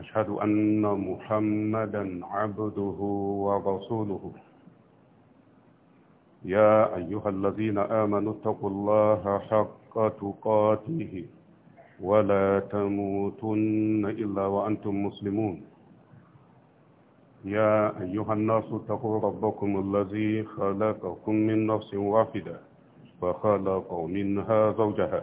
أشهد أن محمدا عبده ورسوله يا أيها الذين آمنوا اتقوا الله حق تقاته ولا تموتن إلا وأنتم مسلمون يا أيها الناس اتقوا ربكم الذي خلقكم من نفس واحدة فخلق منها زوجها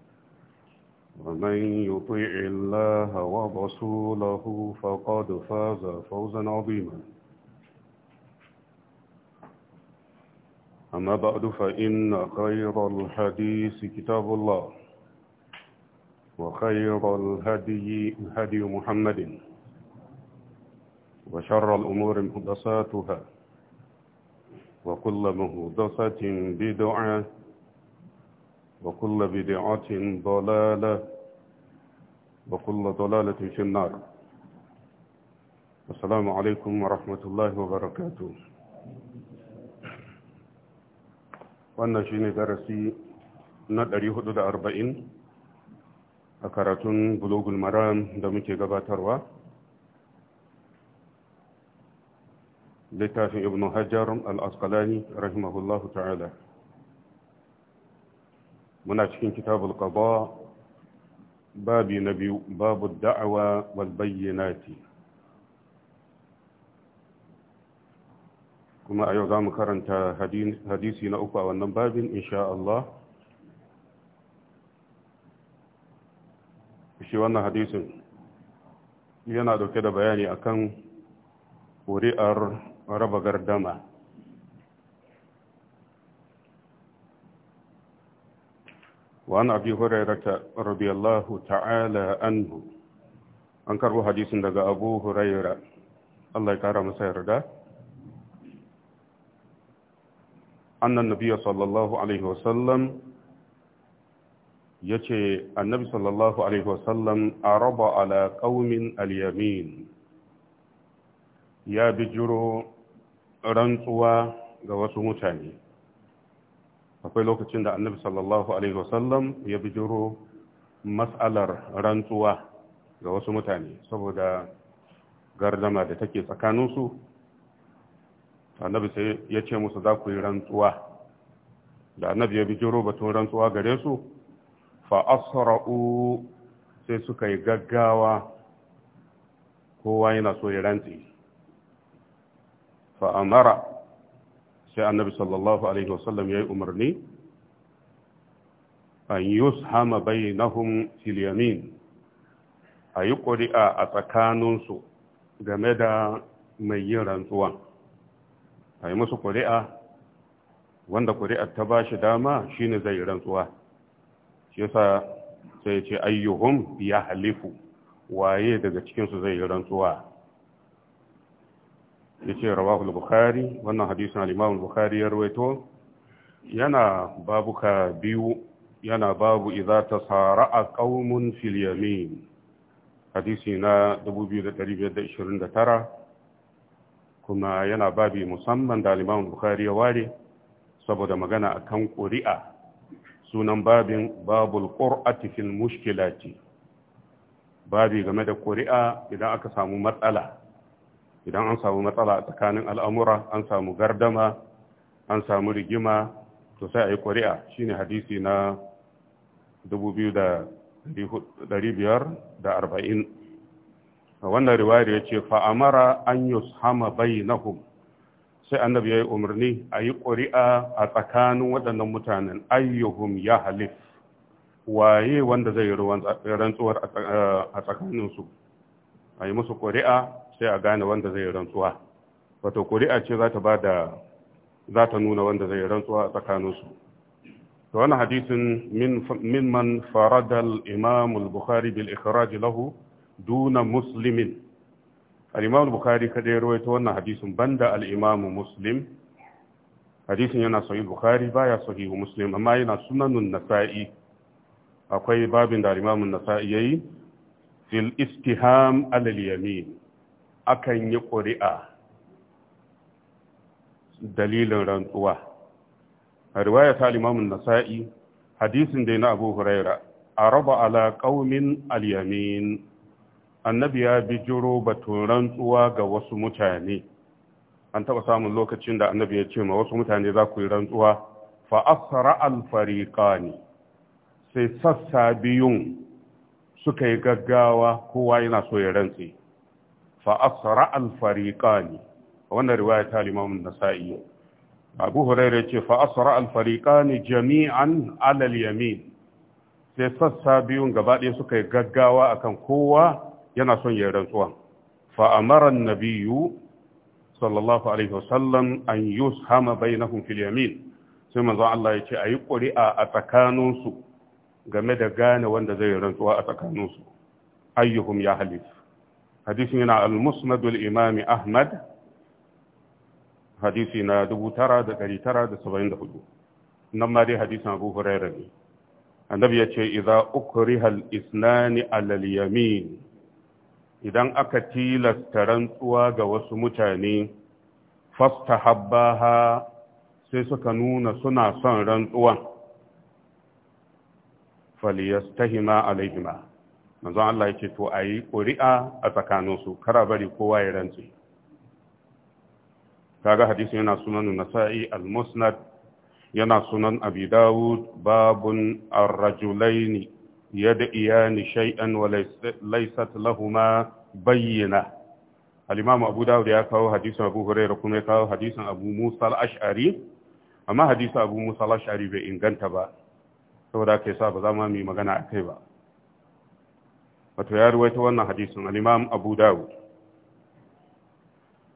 ومن يطيع الله ورسوله فقد فاز فوزا عظيما أما بعد فإن خير الحديث كتاب الله وخير الهدي هدي محمد وشر الأمور مهدساتها وكل مهدسة بدعة وكل بدعة ضلالة وكل ضلالة في النار السلام عليكم ورحمة الله وبركاته وانا شيني درسي نداري حدود أربعين أكارتون بلوغ المرام دمكي غبا تروى لتافي ابن حجر الأسقلاني رحمه الله تعالى muna cikin kitabul qada babi na biyu babu da'awa wal bayyinati kuma a yau za mu karanta hadisi na uku a wannan babin insha Allah shi wannan hadisin yana dauke da bayani akan ƙuri'ar raba gardama وعن أبي هريرة رضي الله تعالى عنه أنكر حديث دقى أبو هريرة الله يكرم سيرده أن النبي صلى الله عليه وسلم يتي النبي صلى الله عليه وسلم أعرض على قوم اليمين يا بجرو رنطوا غوص متاني akwai lokacin da annabi sallallahu alaihi wasallam ya bijiro matsalar rantsuwa ga wasu mutane saboda gardama da take tsakaninsu annabi sai ya ce musu za ku yi rantsuwa da annabi ya bijiro batun rantsuwa gare su fa asra'u sai suka yi gaggawa kowa yana so ya rantsi fa amara sai annabi sallallahu alaihi wasallam ya yi umarni an bai na hun yamin a yi ƙuri'a a tsakaninsu game da mai yin rantsuwa a yi musu ƙuri'a wanda ƙuri'ar ta ba shi dama shi ne zai yi rantsuwa shi yasa sai ce ayyuhun ya halifu waye daga cikinsu zai yi rantsuwa yace rawahul bukhari wannan hadisin al-imam bukhari ya rawaito yana babuka biyu yana babu idza tsara a fil yamin hadisi na 2529 kuma yana babi musamman da al-imam bukhari ya ware saboda magana akan ƙuri'a sunan babin babul qur'ati fil mushkilati babi game da ƙuri'a idan aka samu matsala idan an samu matsala a tsakanin al'amura an samu gardama an samu rigima to sai a yi ƙuri'a shi ne hadisi na 2,540 wannan riwayar ya ce fa'amara an yi hama bainahum sai annabi ya yi umarni a yi ƙuri'a a tsakanin waɗannan mutanen ayyuhum ya halif waye wanda zai yi rantsuwar a tsakaninsu a yi musu ƙuri'a sai a gane wanda zai rantsuwa wato kuri'a ce za ta ba da za ta nuna wanda zai rantsuwa a tsakaninsu to wannan hadisin min man faradal imam al-bukhari bil ikhraj lahu duna muslimin al-imam al-bukhari kadai rawaito wannan hadisin banda al-imam muslim hadisin yana sahih bukhari baya sahih muslim amma yana sunanun nasa'i akwai babin da al-imam an-nasa'i yayi fil istiham al-yamin akan yi ƙuri'a dalilin rantsuwa a riwaya ta limamin nasa'i hadisin dai na abu huraira a raba ala ƙaumin alyamin annabi ya bi jiro batun rantsuwa ga wasu mutane an taɓa samun lokacin da annabi ya ce ma wasu mutane za ku yi rantsuwa fa'asara ne. sai sassa biyun suka yi gaggawa kowa yana so ya rantse fa asra al fariqani wannan riwaya ta Imam Nasa'i Abu Hurairah ce fa asra al fariqani jami'an alal yamin sai sassa biyun gaba ɗaya suka yi gaggawa akan kowa yana son ya rantsuwa fa amara nabiyyu sallallahu alaihi wasallam an yushama bainahum fil yamin sai manzo Allah ya ce a yi ƙuri'a a tsakaninsu game da gane wanda zai yi rantsuwa a tsakaninsu ayyuhum ya halif hadisin yana al imami ahmad hadisi na 9974 nan ma dai hadisin abu hurairah ne annabi ya ce idza ukriha al-isnani ala al-yamin idan aka tilasta rantsuwa ga wasu mutane fastahabbaha sai suka nuna suna son rantsuwan faliyastahima alaihima manzon Allah ya ce to a yi ƙuri'a a tsakanin tsakaninsu kara bari kowa ya rantse kaga hadisi yana sunan nasa'i al-musnad yana sunan abi dawud babun ar-rajulaini yad'iyani shay'an wa laysat lahumā bayyina al-imam abu dawud ya kawo hadisin abu hurairah kuma ya kawo hadisin abu musa al-ash'ari amma hadisi abu musa al-ash'ari bai inganta ba saboda kai sa ba za mu yi magana akai ba wato ya ruwaito wannan hadisin al-imam abu dawud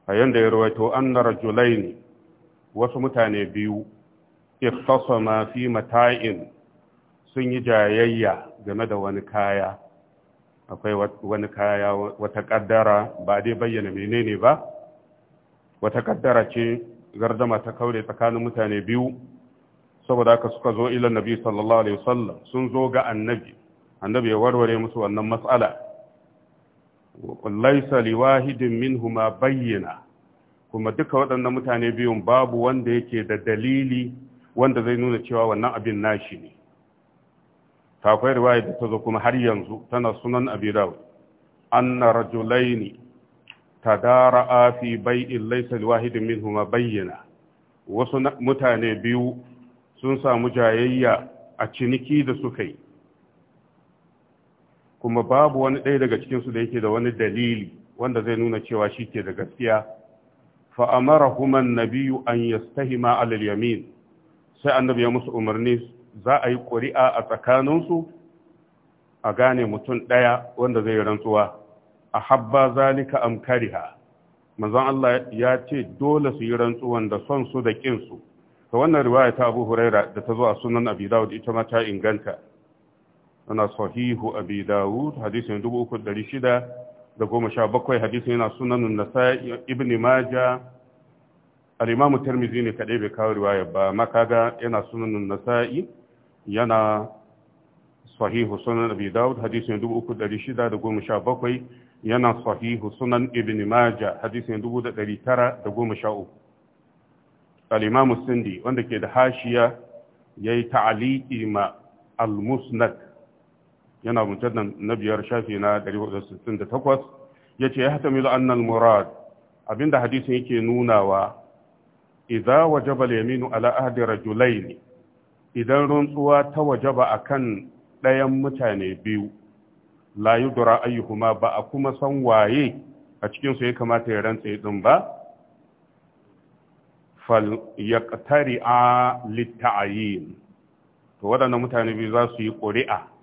a yanda ya ruwaito anna rajulain wasu mutane biyu ikhtasama fi mata'in sun yi jayayya game da wani kaya akwai wani kaya wata kaddara ba dai bayyana menene ba wata kaddara ce gardama ta kaure tsakanin mutane biyu saboda haka suka zo ila nabi sallallahu alaihi wasallam sun zo ga annabi annabi ya warware musu wannan matsala laisa liwahidin minhuma bayyana kuma duka waɗannan mutane biyun babu wanda yake da dalili wanda zai nuna cewa wannan abin nashi ne takwai riwaya da ta kuma har yanzu tana sunan abi dawud anna rajulaini tadara fi bai'in laysa liwahidin minhuma bayyana wasu mutane biyu sun samu jayayya a ciniki da suka yi kuma babu wani ɗaya daga cikinsu da yake da wani dalili wanda zai nuna cewa shi ke da gaskiya fa'amara human nabiyu an yastahima alal yamin sai annabi ya musu umarni za a yi ƙuri'a a tsakaninsu a gane mutum ɗaya wanda zai rantsuwa a habba zalika amkariha manzon Allah ya ce dole su yi rantsuwan da son su da ƙinsu ta wannan riwaya ta abu huraira da ta zo a sunan abi dawud ita ma ta inganta ana sahihu abi dawud hadisin bakwai hadisin yana sunanun nasa'i ibn maja al-imam tirmidhi ne kadai bai kawo riwaya ba makaga yana sunanun nasa'i yana sahihu sunan abi dawud hadisin bakwai yana sahihu sunan ibn maja hadisin 1913 al-imam sindi wanda ke da hashiya yayi ta'liqi ma al-musnad yana nan na biyar shafi na 468 ya ce ya annal murad abinda hadisin yake nunawa idza wajaba al-yaminu ala ahdi rajulaini idan rantsuwa ta wajaba akan ɗayan mutane biyu la yudra ayyuhuma ba a kuma san waye a cikin su ya kamata ya rantsa din ba fal a lit-ta'yin to waɗannan mutane biyu za su yi ƙuri'a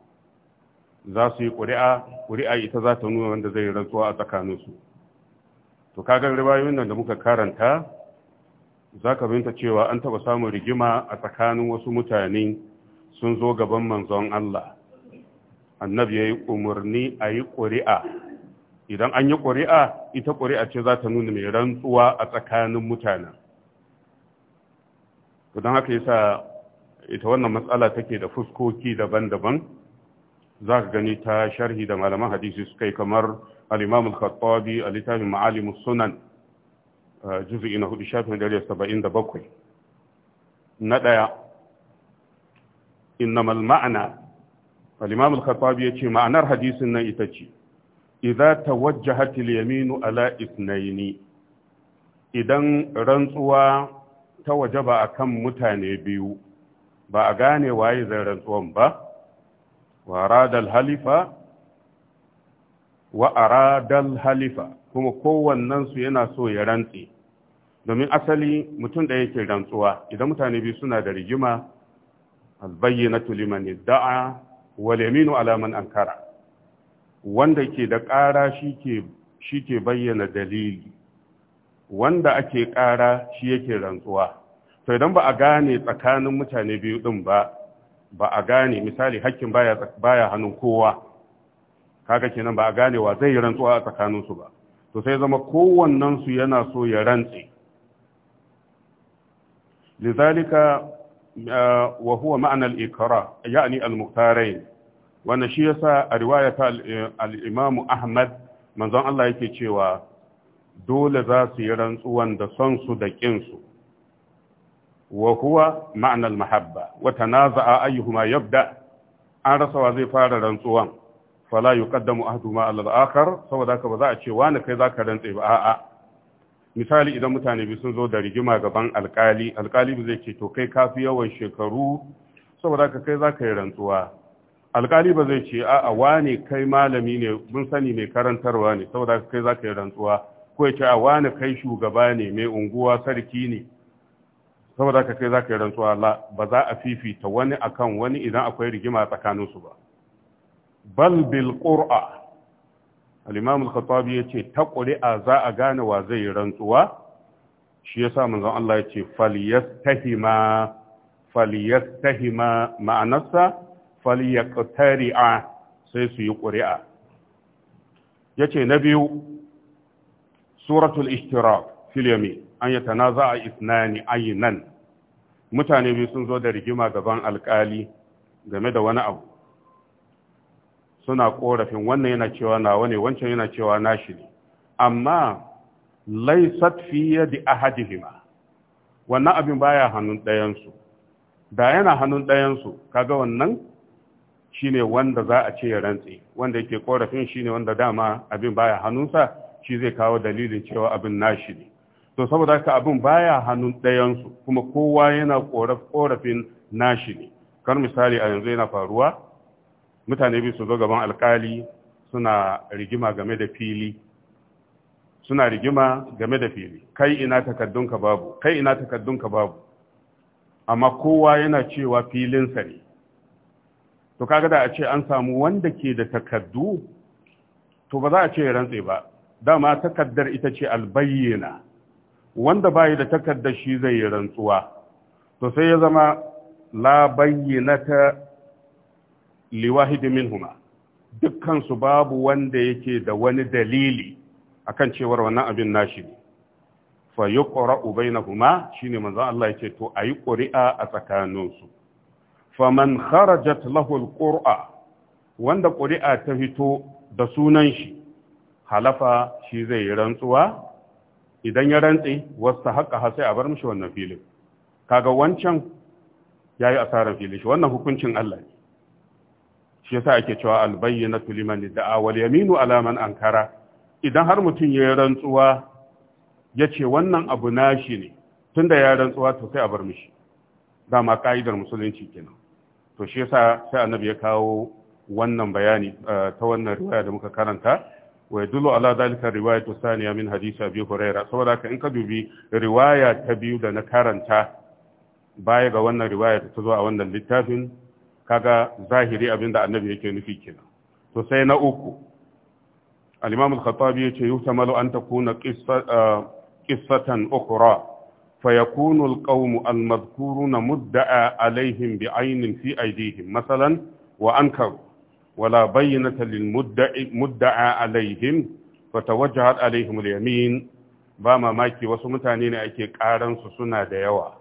za su yi ƙuri'a ƙuri'a ita za ta nuna wanda zai rantsuwa a tsakaninsu to kaga riwayoyin nan da muka karanta za ka binta cewa an taɓa samun rigima a tsakanin wasu mutane sun zo gaban manzon Allah annabi ya yi umarni a yi ƙuri'a idan an yi ƙuri'a ita ƙuri'a ce za ta nuna mai rantsuwa a tsakanin mutane. To don haka yasa ita wannan matsala take da fuskoki daban-daban za ka gani ta sharhi da malaman hadisi suka yi kamar Alimamul al-khattabi a littafin Ma'alimu sunan juz'i na hudu shafin dare saba'in da bakwai na ɗaya inna malmaana al al-khattabi ya ce ma'anar hadisin nan ita ce ta wajja al-yaminu ala isnaini idan rantsuwa ta waje ba a kan mutane biyu ba a gane waye zai rantsuwan ba wa aradal halifa wa aradal halifa kuma kowannensu yana so ya rantse domin asali mutum da yake rantsuwa idan mutane biyu suna da rigima albayyanatu liman idda'a wal yaminu ala man ankara wanda ke da ƙara shi ke bayyana dalili wanda ake ƙara shi yake rantsuwa to idan ba a gane tsakanin mutane biyu din ba ba a gane misali hakkin baya hannun kowa kaga kenan ba a gane wa zai rantsuwa a tsakaninsu ba to sai zama kowannensu yana so ya rantse lizalika wa huwa ma'ana al-ikra ya'ni al-muqtarain wannan shi yasa a riwayata eh, al-imamu ahmad manzon Allah yake cewa dole za su yi rantsuwan da son su da ƙinsu. wa huwa ma'anar mahabba wata na za'a ma yabda an rasawa zai fara rantsuwan fala yi kaddamu ahaduma al'akar saboda ka ba za a ce wani kai za ka rantse ba a'a misali idan mutane bi sun zo da rigima gaban alkali alkali ba zai ce to kai kafi yawan shekaru saboda ka kai za ka yi rantsuwa alkali ba zai ce a'a wane kai malami ne mun sani mai karantarwa ne saboda kai za ka yi rantsuwa ko ya ce a wane kai shugaba ne mai unguwa sarki ne saboda haka kai zaka yi rantsuwa la ba za a fifita wani akan wani idan akwai rigima tsakanin su ba bal bil qur'a al-imam al-khattabi yace ta qur'a za a gane wa zai yi rantsuwa shi yasa manzon Allah yace falyastahima falyastahima ma'anarsa falyaqtari'a sai su yi qur'a yace na biyu suratul ishtiraq fil yamin an ya tanaza a isnani nan. mutane biyu sun zo da rigima gaban alkali game da wani abu suna korafin wannan yana cewa nawa ne wancan yana cewa nashi ne amma laisat fi yadi ahadihima wannan abin baya hannun ɗayansu da yana hannun ɗayansu kaga wannan shine wanda za a ce ya rantse wanda yake korafin shine wanda dama abin baya hannunsa shi zai kawo dalilin cewa abin nashi ne to saboda haka abin baya hannun ɗayansu kuma kowa yana ƙorafin nashi ne kar misali a yanzu yana faruwa mutane bi su zo gaban alkali suna rigima game da fili suna rigima game da fili kai ina takaddunka babu kai ina takaddunka babu amma kowa yana cewa filinsa ne to kaga da a ce an samu wanda ke da takaddu to ba za a ce rantse ba dama takaddar ita ce albayyana wanda bayi da takardar shi zai yi rantsuwa to sai ya zama la bayyinata liwahidi minhuma dukkan su babu wanda yake da wani dalili akan cewar wannan abin nashi ne fa yuqra'u bainahuma shine manzon Allah yake to ayi qur'a a tsakanin tsakaninsu faman kharajat lahu alqur'a wanda qur'a ta fito da sunan shi halafa shi zai yi rantsuwa idan ya rantse wasu haƙa sai a bar mishi wannan filin kaga wancan ya yi asarar filin shi wannan hukuncin Allah ne shi yasa ake cewa albayyana liman da'a wal yaminu ala man ankara idan har mutum ya rantsuwa ya ce wannan abu nashi ne tunda ya rantsuwa to sai a bar mishi dama ka'idar musulunci kenan to shi yasa sai annabi ya kawo wannan bayani eh, ta wannan riwaya da muka karanta Wai wa yadullu ala dalika riwayatu saniya min hadisi biyu huraira saboda ka in ka dubi riwaya ta biyu da na karanta baya ga wannan riwaya ta zo a wannan littafin kaga zahiri abinda annabi yake nufi kenan to sai na uku al-imam al-khattabi yace yuhtamalu an takuna qissatan ukhra fayakunu al-qawmu al-madhkuruna mudda'a alaihim bi'aynin fi aydihim masalan wa ankaru Wala ولا بينة للمدعى عليهم فتوجهت عليهم ba mamaki wasu mutane ne ake karan su suna da yawa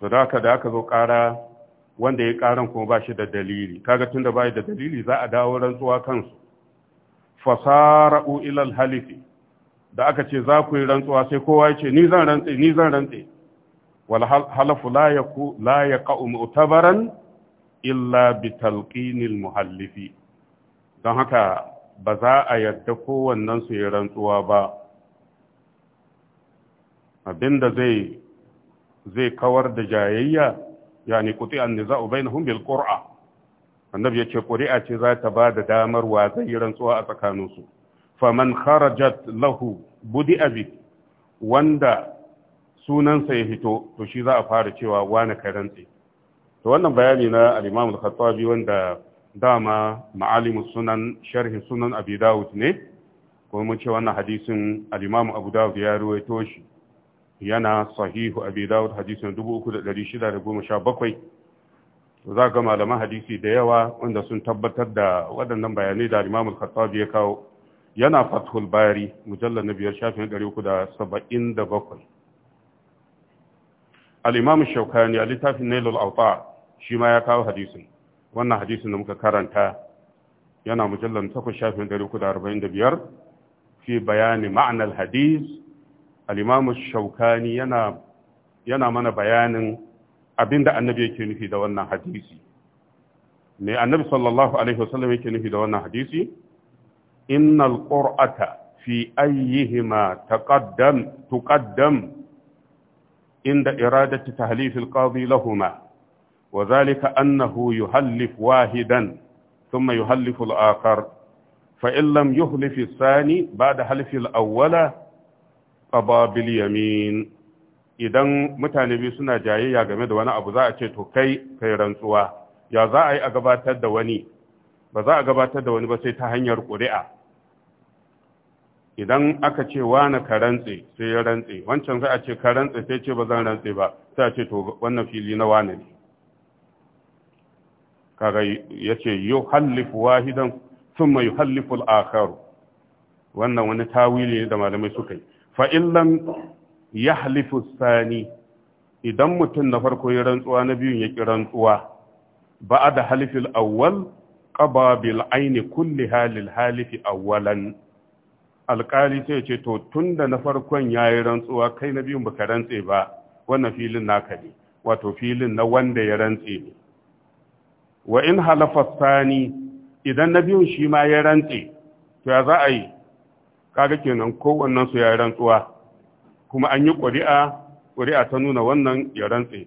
to da aka zo kara wanda ya karan kuma ba shi da dalili kaga tunda bai da dalili za a dawo rantsuwa kansu fasara'u ila halifi da aka ce za ku yi rantsuwa sai kowa ya ce ni zan rantse ni zan rantse wal halafu la yaku la yaqa'u mu'tabaran illa bi muhallifi don haka ba za a yadda kowannen su yi rantsuwa ba abinda zai zai kawar da jayayya yani kuti an niza'u na bil ƙura. annabi ce ƙuri'a ce za ta ba da damar wa zai yi rantsuwa a tsakaninsu faman kharajat lahu budi abi wanda sunansa ya hito to shi za a fara cewa wani kai rantsi to wannan bayani na al-Imam al-Khattabi wanda dama ma'alimu sunan sharhin sunan Abi Dawud ne kuma mun ce wannan hadisin al-Imam Abu Dawud ya ruwaito shi yana sahihu Abi Dawud hadisin 3617 to za ga malaman hadisi da yawa wanda sun tabbatar da waɗannan bayanai da al-Imam al-Khattabi ya kawo yana Fathul Bari mujallar na biyar shafin 377 al-Imam Shawkani a littafin Nailul Awtar shi ma ya kawo hadisin wannan hadisin da muka karanta yana mujallar takwas shafin dari uku da arba'in da biyar fi bayani ma'anar hadis alimamu shaukani yana yana mana bayanin abin da annabi yake nufi da wannan hadisi me annabi sallallahu alaihi wasallam yake nufi da wannan hadisi innal qur'ata fi ayyihima taqaddam tuqaddam inda iradati tahlifil alqadi lahumā Wazalika, annahu yuhallif wahidan thumma yuhallifu al-akhar fa in sani ba'da halfi al-awwala qaba idan mutane biyu suna jayayya game da wani abu za a ce to kai kai rantsuwa ya za a yi a gabatar da wani ba za a gabatar da wani ba sai ta hanyar ƙuri'a idan aka ce wani ka rantse sai ya rantse wancan za a ce ka rantse sai ce ba zan rantse ba sai a ce to wannan fili na wani ne kaga yace yuhallifu wahidan thumma yuhallifu al-akhar wannan wani tawili ne da malamai suka yi fa illam yahlifu sani idan mutum na farko ya rantsuwa na biyun ya ki rantsuwa ba da halifil awwal qaba bil aini kulli halil halifi awwalan alkali sai ce to tunda na farkon yayi rantsuwa kai na biyun baka rantse ba wannan filin naka ne wato filin na wanda ya rantse ne wa in halafa sani idan na biyun shi ma ya rantse to ya za a yi kaga kenan kowannen su ya rantsuwa kuma an yi ƙuri'a ƙuri'a ta nuna wannan ya rantse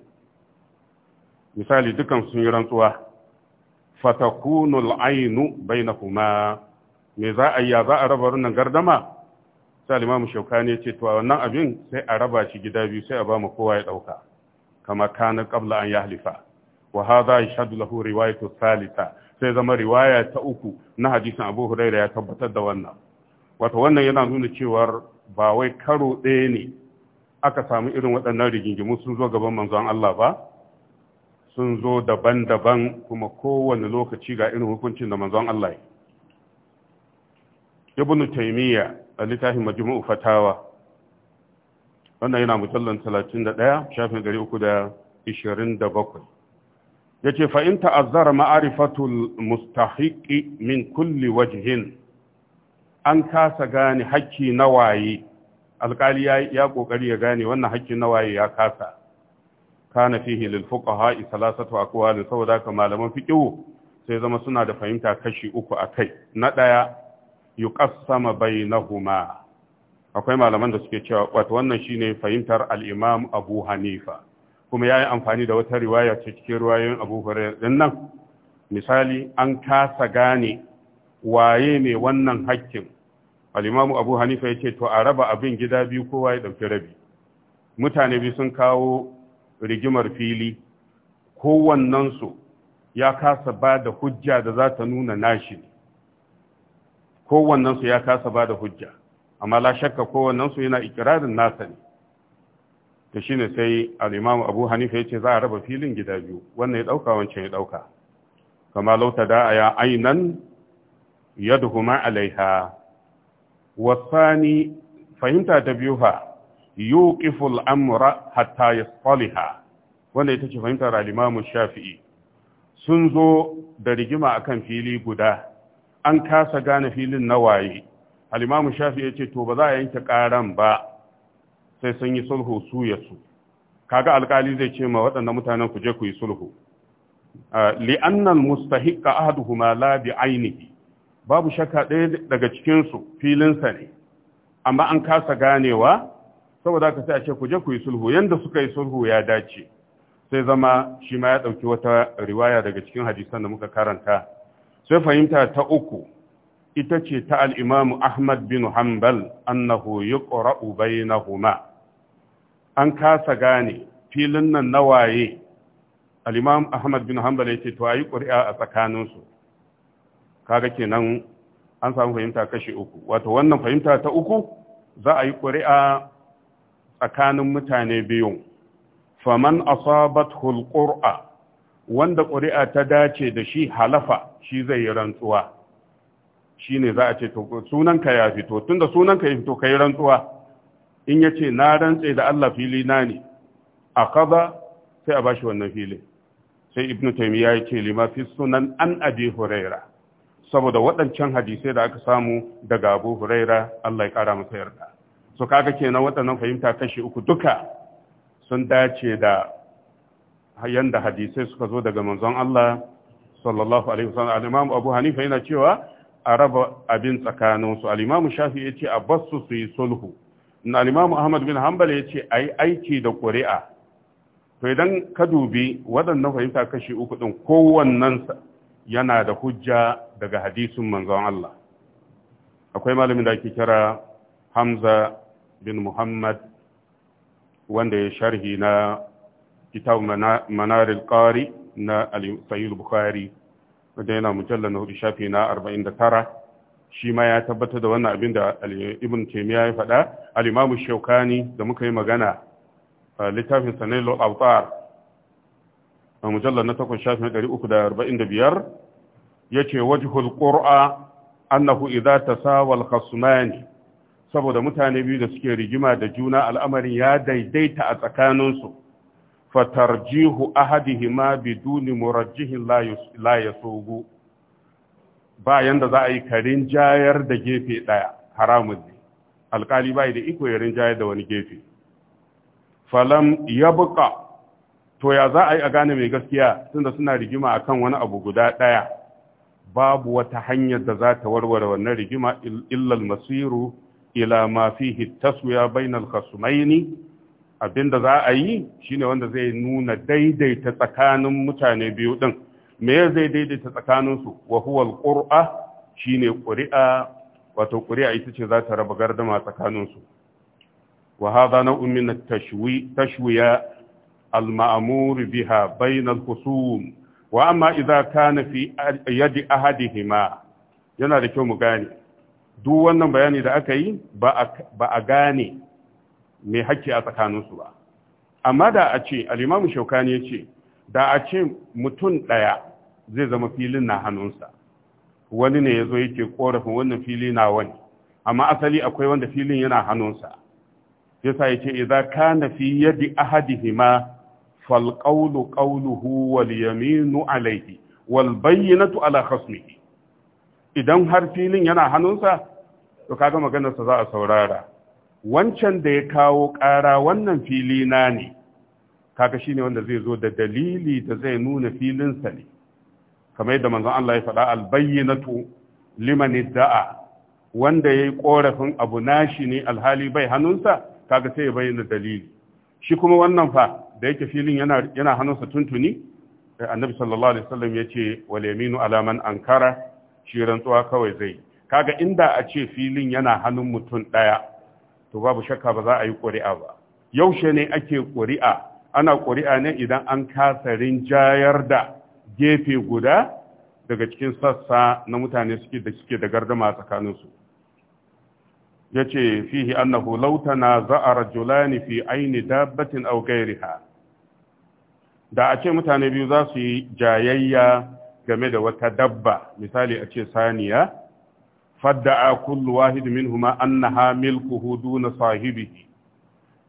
misali dukan sun yi rantsuwa fatakunul ainu bainahuma me za a yi ya za a raba wannan gardama sai limamu shauka ne ce to wannan abin sai a raba shi gida biyu sai a ba mu kowa ya ɗauka. kama kana qabla an halifa. wa hadha yashhadu lahu riwayatu thalitha sai zama riwaya ta uku na hadisin Abu Hurairah ya tabbatar da wannan wato wannan yana nuna cewar ba wai karo ɗaya ne aka samu irin waɗannan rigingimu sun zo gaban manzon Allah ba sun zo daban-daban kuma kowane lokaci ga irin hukuncin da manzon Allah ya ibn taymiya a littafin majmu'u fatawa wannan yana mujallan 31 shafin 327 yace fa in ta'azzara ma'rifatul mustahiki min kulli wajihin an kasa gane na waye. alkali ya ƙoƙari ya gane wannan na waye ya kasa kana fihi lil fuqaha salasatu aqwal saboda ka malaman fiqh sai zama suna da fahimta kashi uku a kai. na ɗaya bai na huma. akwai malaman da suke cewa wato wannan shine fahimtar alimam Abu Hanifa kuma ya yi amfani da wata riwaya ce cikin riwayoyin abu hurairar nan misali an kasa gane waye ne wannan hakkin alimamu abu hanifa ya ce to a raba abin gida biyu kowa ya ɗauki rabi mutane biyu sun kawo rigimar fili kowannensu ya kasa ba da hujja da za ta nuna nashi kowannensu ya kasa ba da hujja amma la shakka kowannensu yana ikirarin nasa ne da shi ne sai al'imamu abu hanifa ya ce za a raba filin gida biyu wannan ya ɗauka wancan ya ɗauka kama lauta da a ya ainan ya duhuma alaiha wasani fahimta ta biyu fa yuqiful amra hatta ya ha. wannan ita ce fahimtar al'imamu shafi'i sun zo da rigima akan fili guda an kasa gane filin na waye al'imamu shafi'i ya ce to ba za a yanke ƙaran ba sai sun yi sulhu su ya su kaga alkali zai ce ma waɗannan mutanen ku je ku yi sulhu li'annal mustahiqqa ahaduhuma la bi ainihi babu shakka ɗaya daga cikin su filinsa ne amma an kasa ganewa saboda ka sai a ce ku je ku yi sulhu yanda suka yi sulhu ya dace sai zama shi ma ya ɗauki wata riwaya daga cikin hadisan da muka karanta sai fahimta ta uku ita ce ta al'imamu Ahmad bin Hanbal annahu yuqra'u bainahuma an kasa gane filin nan na waye al ahmad bin hanbal ce to ayi ƙuri'a a tsakaninsu kaga kenan an samu fahimta kashi uku wato wannan fahimta ta uku za a yi ƙuri'a tsakanin mutane biyu faman asabatul qur'a wanda ƙuri'a ta dace da shi halafa shi zai yi rantsuwa shine za a ce to sunanka ya fito tunda sunanka ya fito kai rantsuwa in ya ce na rantse da Allah fili na ne a kaba sai a bashi wannan fili. sai ibnu taimiyya ya ce lima fi sunan an abi huraira saboda waɗancan hadisai da aka samu daga abu huraira Allah ya ƙara masa yarda so kaga kenan waɗannan fahimta kashi uku duka sun dace da yanda hadisai suka zo daga manzon Allah sallallahu alaihi wasallam al-imam abu hanifa yana cewa a raba abin tsakaninsu al-imam shafi ya ce a basu su yi sulhu na alimamu ahmad bin hanbal ya ce a yi aiki da ƙuri'a to idan ka dubi waɗannan fahimta kashi uku ɗin sa yana da hujja daga hadisin manzon Allah akwai malamin da ake kira hamza bin muhammad wanda ya sharhi na kitab manaril qari na al sahih bukhari wanda yana mujallar na hudu shafi na tara. shi ma ya tabbatar da wannan abin da ibn taymiya ya faɗa al-imam shaukani da muka yi magana littafin sanail al a mujallar na 8 shafin 345 yace wajhul qur'a annahu idza ta al-khasmani saboda mutane biyu da suke rigima da juna al'amarin ya daidaita a tsakaninsu fatarjihu ahadihima biduni murajjihin la yasugu ba yanda za a yi karin jayar da gefe ɗaya haramun ne alkali bai da iko ya jayar da wani gefe falam ya buka to ya za a yi a gane mai gaskiya tunda suna rigima a kan wani abu guda ɗaya babu wata hanyar da za ta warware wannan rigima illal masiru ila ma fihi taswiya bainal khasumaini abinda za a yi shine wanda zai nuna daidaita tsakanin mutane biyu din me zai daidaita tsakaninsu wa ƙur'a shi shine ƙuri'a. wato qur'a ita ce za ta raba gardama tsakaninsu wa hadha naw'un min at-tashwi tashwiya al-ma'mur biha bayna al wa amma idza kana fi yadi ahadihima yana da kyau mu gane duk wannan bayani da aka yi ba a gane Me hakki a tsakaninsu ba amma da a ce al-imam shaukani yace da a ce mutum ɗaya zai zama filin na hannunsa wani ne ya zo yake korafin wannan fili na wani amma asali akwai wanda filin yana hannunsa yasa yake ka na fi yadi ahadihima fal ƙaulu qawluhu wal yaminu alayhi wal ala idan har filin yana hannunsa to kaga maganarsa za a saurara wancan da ya kawo ƙara wannan fili na ne kaga shine wanda zai zo da dalili da zai nuna filinsa ne kamar yadda manzon Allah ya faɗa albayyinatu liman da'a wanda yayi korafin abu nashi ne alhali bai hannunsa kaga sai ya bayyana dalili shi kuma wannan fa da yake filin yana yana hannunsa tuntuni eh, annabi sallallahu alaihi wasallam yace wal yaminu ala man ankara shi rantsuwa kawai zai kaga inda a ce filin yana hannun mutum daya to babu shakka ba za a yi ƙuri'a ba yaushe ne ake ƙuri'a ana ƙuri'a ne idan an kasa rinjayar da gefe guda daga cikin sassa na mutane suke da suke da gardama tsakaninsu ya ce fihi annahu lautana za'a rajulani fi aini dabbatin aw gairiha da a ce mutane biyu za su yi jayayya game da wata dabba misali a ce saniya fadda'a kullu wahid minhuma annaha milkuhu duna sahibihi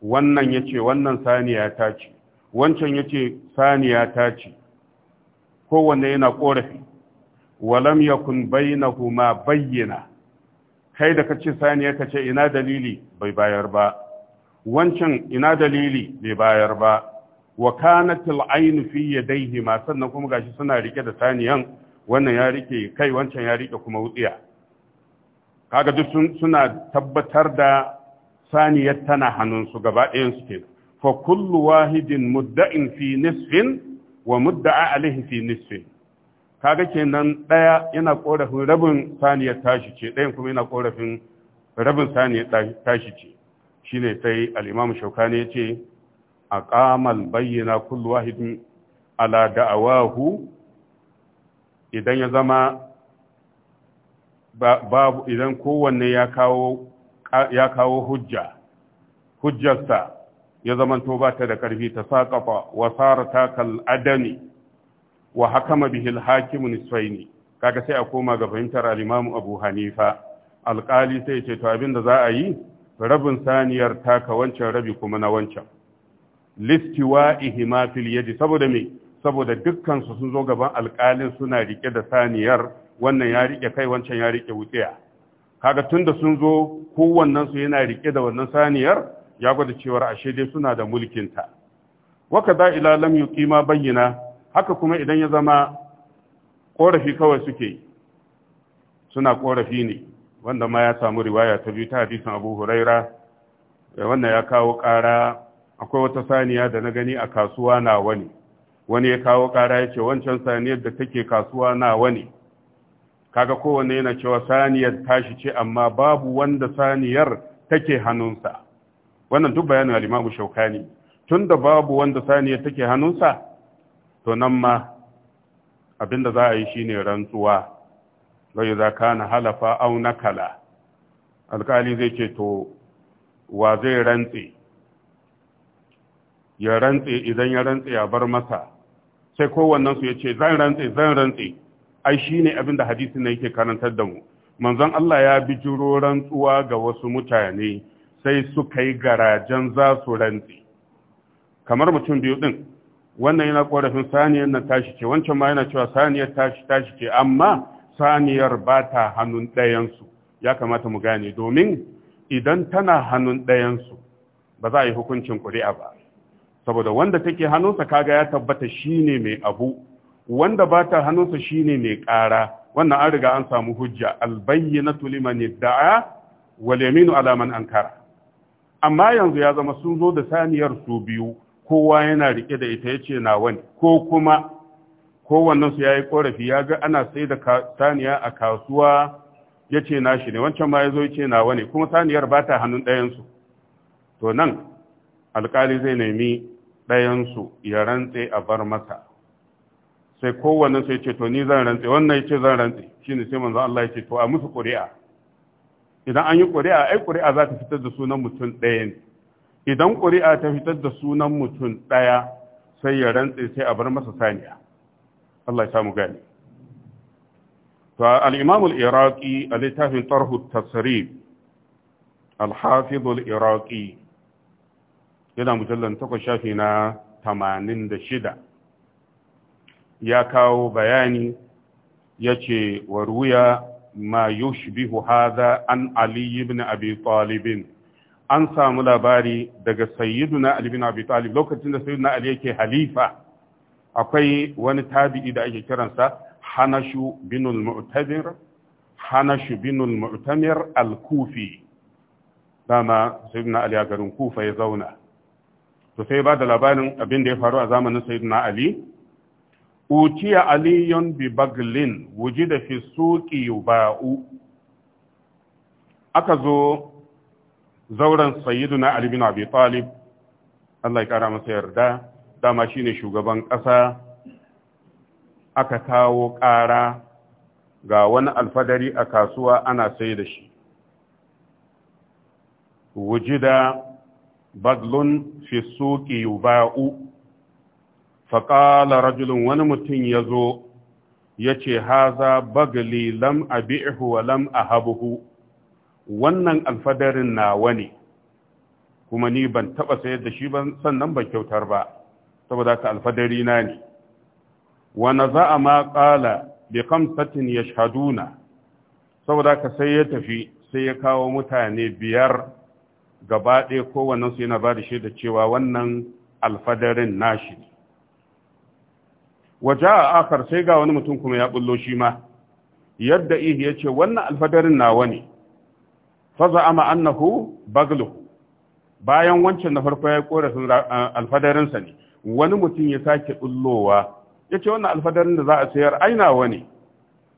wannan yace wannan saniya ta ce wancan yace saniya ta ce kowanne yana korafi walam yakun bainahuma bayyana kai da kace saniya kace ina dalili bai bayar ba wancan ina dalili bai bayar ba wa kanatil ayn fi yadayhi ma sannan kuma gashi suna rike da saniyan wannan ya rike kai wancan ya rike kuma wutsiya kaga duk suna tabbatar da saniyar tana hannunsu gaba ɗayan su ke fa kullu wahidin mudda'in fi nisfin wa mudda'a alaihi fi nisfi kaga kenan daya yana korafin rabin saniyar tashi ce dayan kuma yana korafin rabin saniyar tashi ce shine sai al-imam shaukani yace aqamal bayyana kullu wahidin ala da'awahu idan ya zama babu idan kowanne ya kawo ya kawo hujja hujjarsa ya zamanto ba ta da ƙarfi ta saƙafa wa tsara kal adami wa hakama bihil Hakimu nisfaini kaga sai a koma ga fahimtar alimamu Abu Hanifa alƙali sai ce to abin da za a yi rabin saniyar taka wancan rabi kuma na wancan listiwa'ihi ma fil yadi saboda me saboda dukkan sun zo gaban alƙalin suna rike da saniyar wannan ya rike kai wancan ya rike wutsiya kaga tunda sun zo kowannen su yana rike da wannan saniyar ya gwada cewar ashe dai suna da mulkinta waka da ila lam yuqima bayyana haka kuma idan ya zama korafi kawai suke suna korafi ne wanda ma ya samu riwaya ta biyu ta hadisin Abu Huraira eh, wannan ya kawo ƙara akwai wata saniya da na gani a kasuwa na wani wani ya kawo kara ya ce wancan saniyar da take kasuwa na wani kaga kowanne yana cewa saniyar tashi ce amma babu wanda saniyar take hannunsa wannan duk bayanin al-Imam Shaukani tunda babu wanda saniya take hannunsa to nan ma abinda za a yi shine rantsuwa bai za kana halafa au nakala alkali zai ce to wa zai rantse ya rantse idan ya rantse ya bar masa sai kowannen su ya ce zan rantse zan rantse ai shine abinda hadisin nan yake karantar da mu manzon Allah ya bijiro rantsuwa ga wasu mutane sai suka yi garajen za su rantse. kamar mutum biyu din wannan yana korafin saniyar na tashi ce wancan ma yana cewa saniyar tashi tashi ce amma saniyar ba ta hannun ɗayansu ya kamata mu gane domin idan tana hannun ɗayansu ba za a yi hukuncin ƙuri'a ba saboda wanda take hannunsa kaga ya tabbata shine mai abu wanda ba ta hannunsa shine mai ƙara wannan an riga an samu hujja albayyana tuliman idda'a wal yaminu alaman man ankara amma yanzu ya zama sun zo da saniyar su biyu kowa yana rike da ita yace nawa ne ko kuma kowannen su yayi korafi ya ga ana sai da saniya a kasuwa yace nashi ne wancan ma yazo yace nawa ne kuma saniyar ba ta hannun ɗayan su to nan alkali zai nemi ɗayan su ya rantse a bar masa sai kowannen su yace to ni zan rantse wannan yace zan rantse shine sai manzo Allah yace to a musu ƙuri'a idan an yi ƙuri'a ai ƙuri'a za ta fitar da sunan mutum ɗaya ne idan ƙuri'a ta fitar da sunan mutum ɗaya sai ya rantse sai a bar masa saniya Allah ya samu gani to al-Imam al-Iraqi a littafin Tarh at-Tasrif al-Hafiz al-Iraqi yana mujallan 8 shafi na 86 ya kawo bayani yace waruya ma yushbihu hadha an ali ibn abi talib an samu labari daga sayyiduna ali ibn abi talib lokacin da sayyiduna ali yake halifa akwai wani tabi'i da ake kiransa hanashu bin al-mu'tadir hanashu bin al-mu'tamir al-kufi dama sayyiduna ali a garin kufa ya zauna to sai ba da labarin abin da ya faru a zamanin sayyiduna ali utiya aliyun bi baglin wujida fi suqi ba'u? aka zo zauren sayidu ali bin abi talib Allah ya masa yarda dama ne shugaban ƙasa aka kawo ƙara ga wani alfadari a kasuwa ana sai da shi wujida Baglin fi suqi ba'u? faƙala rajulun wani mutum ya zo ya ce haza bagali lam abi'ihu wa wannan alfadarin nawa ne kuma ni ban taɓa sayar da shi ban sannan ban kyautar ba saboda ka alfadari na ne wani za a ma ƙala bi kamsatin ya shaduna saboda ka sai ya tafi sai ya kawo mutane biyar gaba ɗaya kowannen su yana ba da shi da cewa wannan alfadarin nashi ne waje a akar sai ga wani mutum kuma ya bullo shi ma yadda ihi ya ce wannan alfadarin nawa ne faza ama annahu baglu bayan wancan na farko ya korafin alfadarinsa ne wani mutum ya sake bullowa ya ce wannan alfadarin da za a sayar ai wani. ne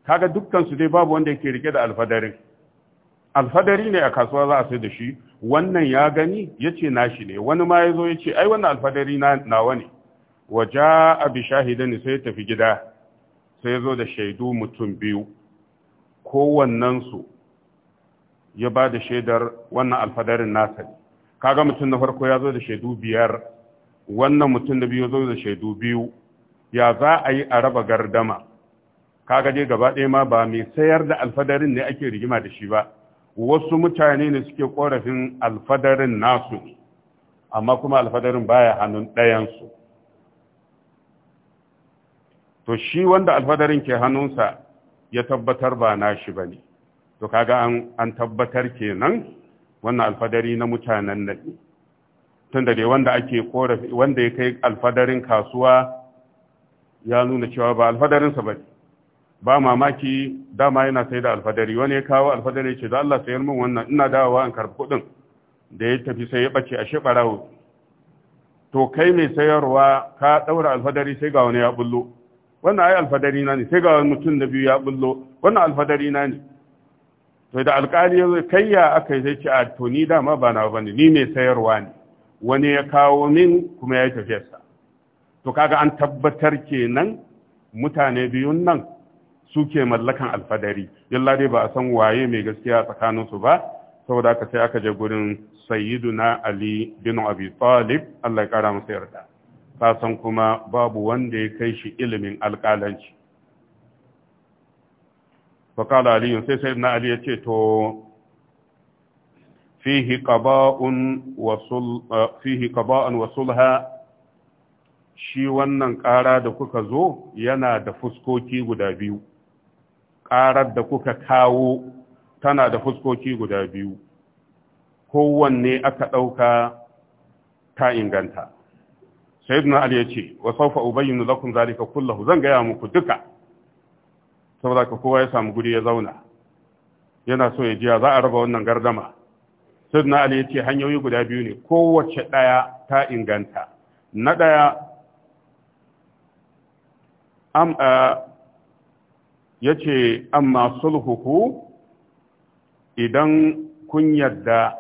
kaga dukkansu dai babu wanda yake rike da alfadarin alfadari ne a kasuwa za a sai da shi wannan ya gani ya ce nashi ne wani ma ya zo ya ce ai wannan alfadari na wani. Waje abi bi shahidan sai tafi gida sai zo da shaidu mutum biyu kowannen su ya ba da shaidar wannan alfadarin nasa kaga mutum na farko ya zo da shaidu biyar wannan mutum da biyu zo da shaidu biyu ya za a yi a raba gardama kaga dai gaba ɗaya ma ba mai sayar da alfadarin ne ake rigima da shi ba wasu mutane ne suke korafin alfadarin nasu amma kuma alfadarin baya hannun ɗayansu to shi wanda alfadarin ke hannunsa ya tabbatar ba na shi ba ne to kaga an, tabbatar tabbatar kenan wannan alfadari na mutanen nan tun da dai wanda ake korafi wanda ya kai alfadarin kasuwa ya nuna cewa ba alfadarinsa ba ne. ba mamaki dama yana sai da alfadari wani ya kawo alfadari ce da Allah sayar min wannan ina dawowa an karfi kuɗin da ya tafi sai ya ɓace a shi ɓarawo to kai mai sayarwa ka ɗaura alfadari sai ga wani ya bullo wannan ai alfadari na ne sai ga mutum da biyu ya bullo wannan alfadari na ne to da alkali yazo kai ya aka sai ce a to ni dama ba na bane ni mai sayarwa ne wani ya kawo min kuma ya tafi tafiyarsa to kaga an tabbatar kenan mutane biyun nan suke mallakan alfadari yalla dai ba a san waye mai gaskiya tsakanin su ba saboda aka sai aka je gurin sayyiduna ali bin abi talib Allah ya kara masa yarda kasan kuma babu wanda ya kai shi ilimin alƙalanci Fakala Aliyu sai sai na ali ya ce to fihi ƙaba'un wasulha eh, shi wannan ƙara da kuka zo yana da fuskoki guda biyu ƙarar da kuka kawo tana da fuskoki guda biyu kowanne aka ɗauka ta inganta sayyidina ali yace wa sawfa ubayyinu lakum zalika kullahu zan gaya muku duka saboda ka kowa ya samu guri ya zauna yana so ya jiya za a raba wannan gardama sayyidina ali yace hanyoyi guda biyu ne kowace daya ta inganta na daya am yace amma sulhuhu idan kun yadda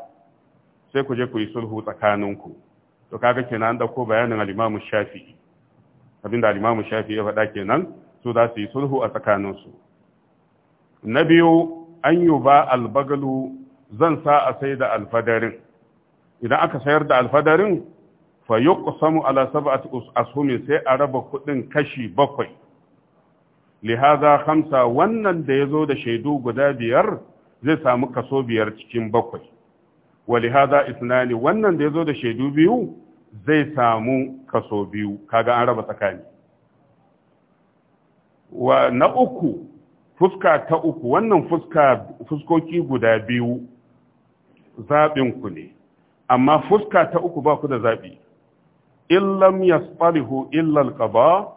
sai ku je ku yi sulhu tsakaninku to kaga kenan an dauko bayanin al-Imam Shafi'i abinda al-Imam Shafi'i ya faɗa kenan su za su yi sulhu a tsakaninsu na biyu an yi ba albagalu zan sa a sai da alfadarin idan aka sayar da alfadarin fa yi kusamu ala saba'at ashumin sai a raba kuɗin kashi bakwai lihaza hamsa wannan da ya zo da shaidu guda biyar zai samu kaso biyar cikin bakwai ولهذا isnani wannan da yazo da shaidu biyu zai samu kaso biyu kaga an raba tsakani wa na uku fuska ta uku wannan fuska fuskoki guda biyu zaɓin ku ne amma fuska ta uku ba ku da zaɓi illam yasbalihu illa alqaba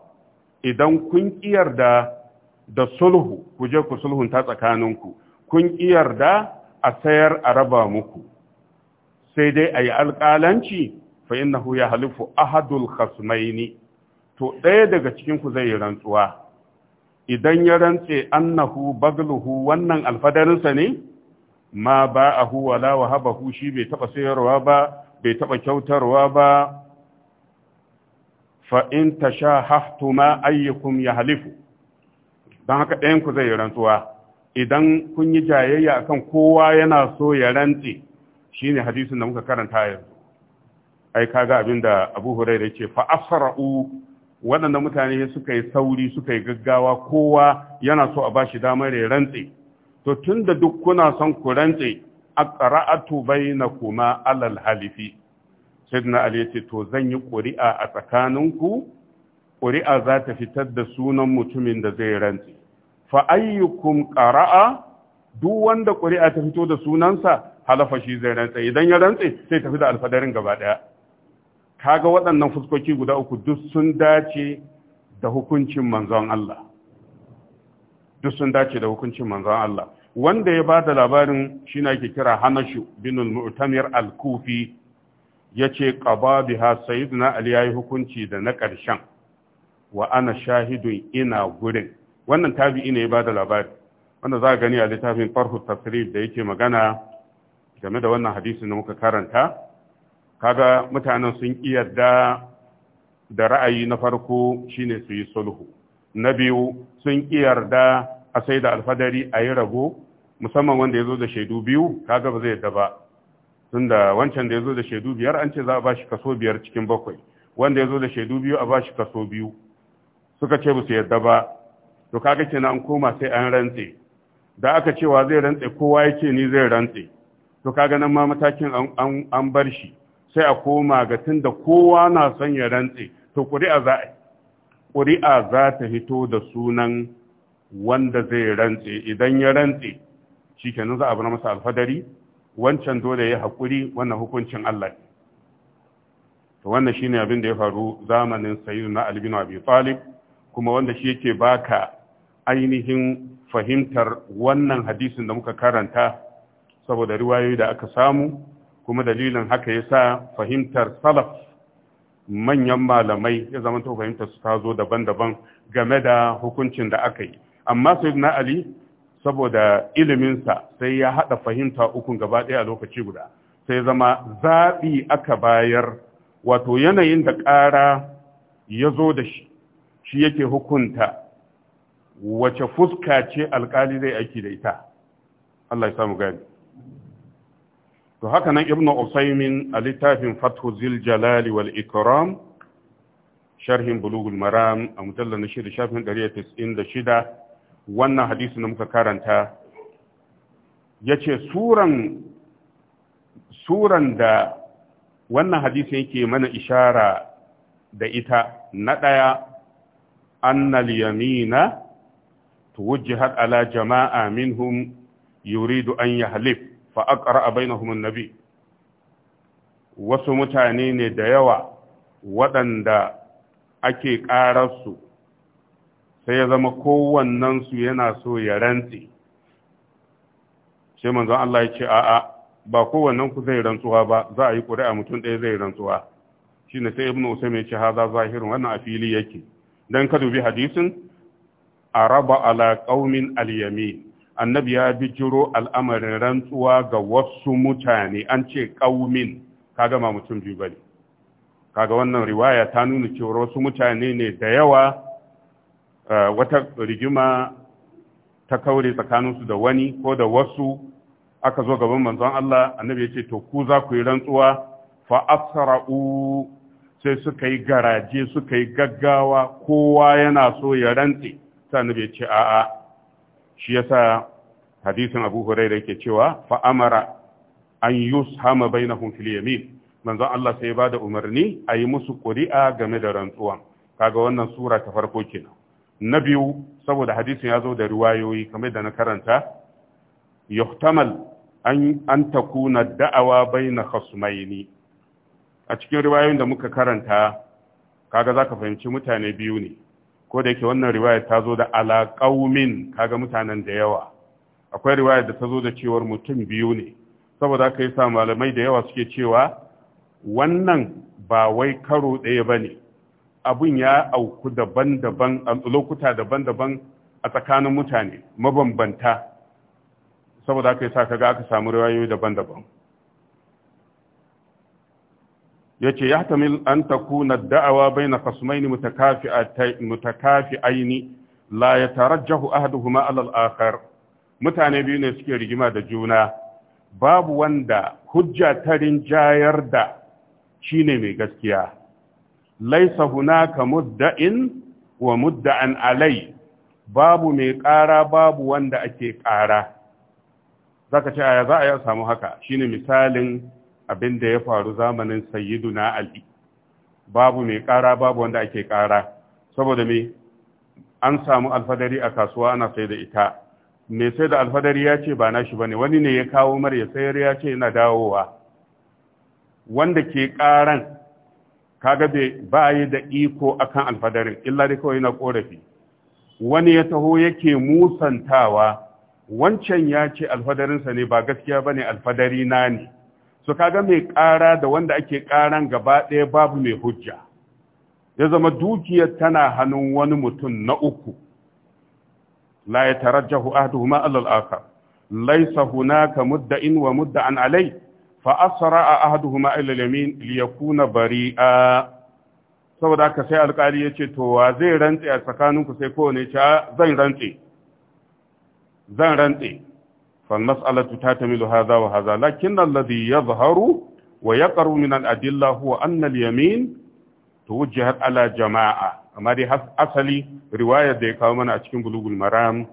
idan kun kiyarda da sulhu ku je ku sulhunta tsakaninku kun kiyarda a sayar a raba muku sai dai a yi alƙalanci fa innahu ya halifu ahadul khasmaini to ɗaya daga cikinku zai yi rantsuwa idan ya rantse annahu bagluhu wannan alfadarinsa ne ma ba a huwala wa haba shi bai taɓa sayarwa ba bai taɓa kyautarwa ba fa'in ta sha haftuma ayyukum ya halifu don haka ɗayanku zai yi rantsuwa idan kun yi jayayya akan kowa yana so ya rantse Shi ne hadisin da muka karanta yanzu ai kaga abin da Abu Hurairah yace fa asra'u waɗanda mutane suka yi sauri suka yi gaggawa kowa yana so a bashi damar ya rantse to tunda duk kuna son ku rantse aqra'atu kuma alal halifi sayyidina Ali yace to zan yi ƙuri'a a tsakaninku ƙuri'a za ta fitar da sunan mutumin da zai rantse fa ayyukum qara'a duk wanda ƙuri'a ta fito da sunansa halafa shi zai rantse idan ya rantse sai tafi da alfadarin gaba daya kaga waɗannan fuskoki guda uku duk sun dace da hukuncin manzon Allah duk sun dace da hukuncin manzon Allah wanda ya bada labarin shi na ke kira Hanashu bin al-Mu'tamir al-Kufi yace qaba biha sayyidina Ali yayi hukunci da na karshen wa ana shahidun ina gurin wannan tabi'i ne ya bada labari wanda za gani a littafin Farhu Tafsir da yake magana game da wannan hadisin da muka karanta kaga mutanen sun yarda da ra'ayi na farko shine su yi sulhu na biyu sun yarda a sai da alfadari a yi rago musamman wanda ya zo da shaidu biyu kaga ba zai yarda ba tunda wancan da ya zo da shaidu biyar an ce za a ba shi kaso biyar cikin bakwai wanda ya zo da shaidu biyu a ba shi kaso biyu suka ce ba su yarda ba to kaga kenan an koma sai an rantse da aka cewa zai rantse kowa yake ni zai rantse to kaga nan ma matakin an bar shi sai a koma ga tunda kowa na son ya rantse to ƙuri'a za a ƙuri'a za ta hito da sunan wanda zai rantse idan ya rantse kenan za a bar masa alfadari wancan dole ya hakuri wannan hukuncin Allah to wannan shine abin da ya faru zamanin sayyidina Ali bin Abi Talib kuma wanda shi yake baka ainihin fahimtar wannan hadisin da muka karanta saboda riwayoyi da aka samu kuma dalilin haka ya sa fahimtar salaf manyan malamai ya zama to fahimtar su ta zo daban-daban game da hukuncin da aka yi amma sai na ali saboda iliminsa sai ya haɗa fahimta ukun gaba ɗaya a lokaci guda sai zama zaɓi aka bayar wato yanayin da ƙara ya zo da shi shi yake hukunta wace fuska ce alƙali zai aiki da ita Allah ya samu gani to haka nan ibnu usaymin a littafin fathu zil jalali wal ikram sharhin bulugul maram a mujallar na shida shafin 196 wannan hadisi na muka karanta ya ce suran da wannan hadisi yake mana ishara da ita na ɗaya annal yamina tuwujjihat ala jama'a minhum yuridu an yahlif fa aqra bainahum annabi wasu mutane ne da yawa waɗanda ake ƙararsu sai ya zama kowannensu yana so ya rantse sai manzon Allah ya ce a'a ba kowannen ku zai rantsuwa ba za a yi ƙuri'a mutum ɗaya zai rantsuwa shine sai ibnu usaim ya ce haza zahirin wannan a fili yake dan ka dubi hadisin araba ala qaumin al-yamin annabi ya bijiro al'amarin rantsuwa ga wasu mutane an ce ƙaumin kaga ma mutum biyu bane kaga wannan riwaya ta nuna cewa wasu mutane ne da yawa eh, wata rigima ta kaure tsakaninsu da wani ko da wasu aka zo gaban manzon Allah annabi ya ce to ku za ku yi rantsuwa fa asra'u sai suka yi garaje suka yi gaggawa kowa yana so ya rantse sai annabi ya ce a'a shi yasa hadisin abu huraira yake cewa fa amara an yushama bainahum fil yamin manzon Allah sai ba da umarni a yi musu ƙuri'a game da rantsuwan kaga wannan sura ta farko kenan na biyu saboda hadisin ya zo da riwayoyi kamar da na karanta yuhtamal an an takuna da'awa na khasmaini a cikin riwayoyin da muka karanta kaga zaka fahimci mutane biyu ne ko da yake wannan riwaya ta zo da ala qaumin kaga mutanen da yawa akwai riwaya da ta zo da cewar mutum biyu ne saboda aka yi sa malamai da yawa suke cewa wannan ba wai karo ɗaya ba ne abin ya auku daban-daban a lokuta daban-daban a tsakanin mutane mabambanta saboda aka yi sa kaga aka samu riwayoyi daban-daban ya ce ya tamil an kuna da'awa bai na ne mutakafi aini la ya jahu ahaduhu huma akhar mutane biyu ne suke rigima da juna babu wanda hujja ta rinjayar da ne mai gaskiya laisa hunaka mudda'in wa mudda'an alai babu mai ƙara babu wanda ake ƙara zaka ce aya za a yi samu haka shine misalin abin da ya faru zamanin sayyiduna ali babu mai ƙara babu wanda ake ƙara saboda me an samu alfadari a kasuwa ana sai da ita mai sai da alfadari ya ce ba nashi bane wani ne ya kawo mara ya sayar ya ce yana dawowa wanda ke karan kaga bai ba yi da iko akan alfadarin illa dai kawai na korafi wani ya taho yake musantawa wancan ya ce alfadarinsa ne ba gaskiya ba ne, alfadari na ne so kaga mai ƙara da wanda ake ƙaran gaba ɗaya babu mai hujja ya zama dukiyar tana hannun wani mutum na uku la yatarajjahu ahduhuma ala al-akhar laysa hunaka mudda'in wa mudda'an alai fa asra'a ahaduhuma ila al bari'a saboda haka sai alkali ce to wa zai rantse a tsakaninku sai kowane ya zan rantse zan rantse fal mas'alatu tatamilu hadha wa hadha lakin alladhi yadhharu wa yaqru min al-adilla huwa anna al-yamin tuwajjahat ala jama'a amma dai asali riwayar da ya kawo mana a cikin bulugul maram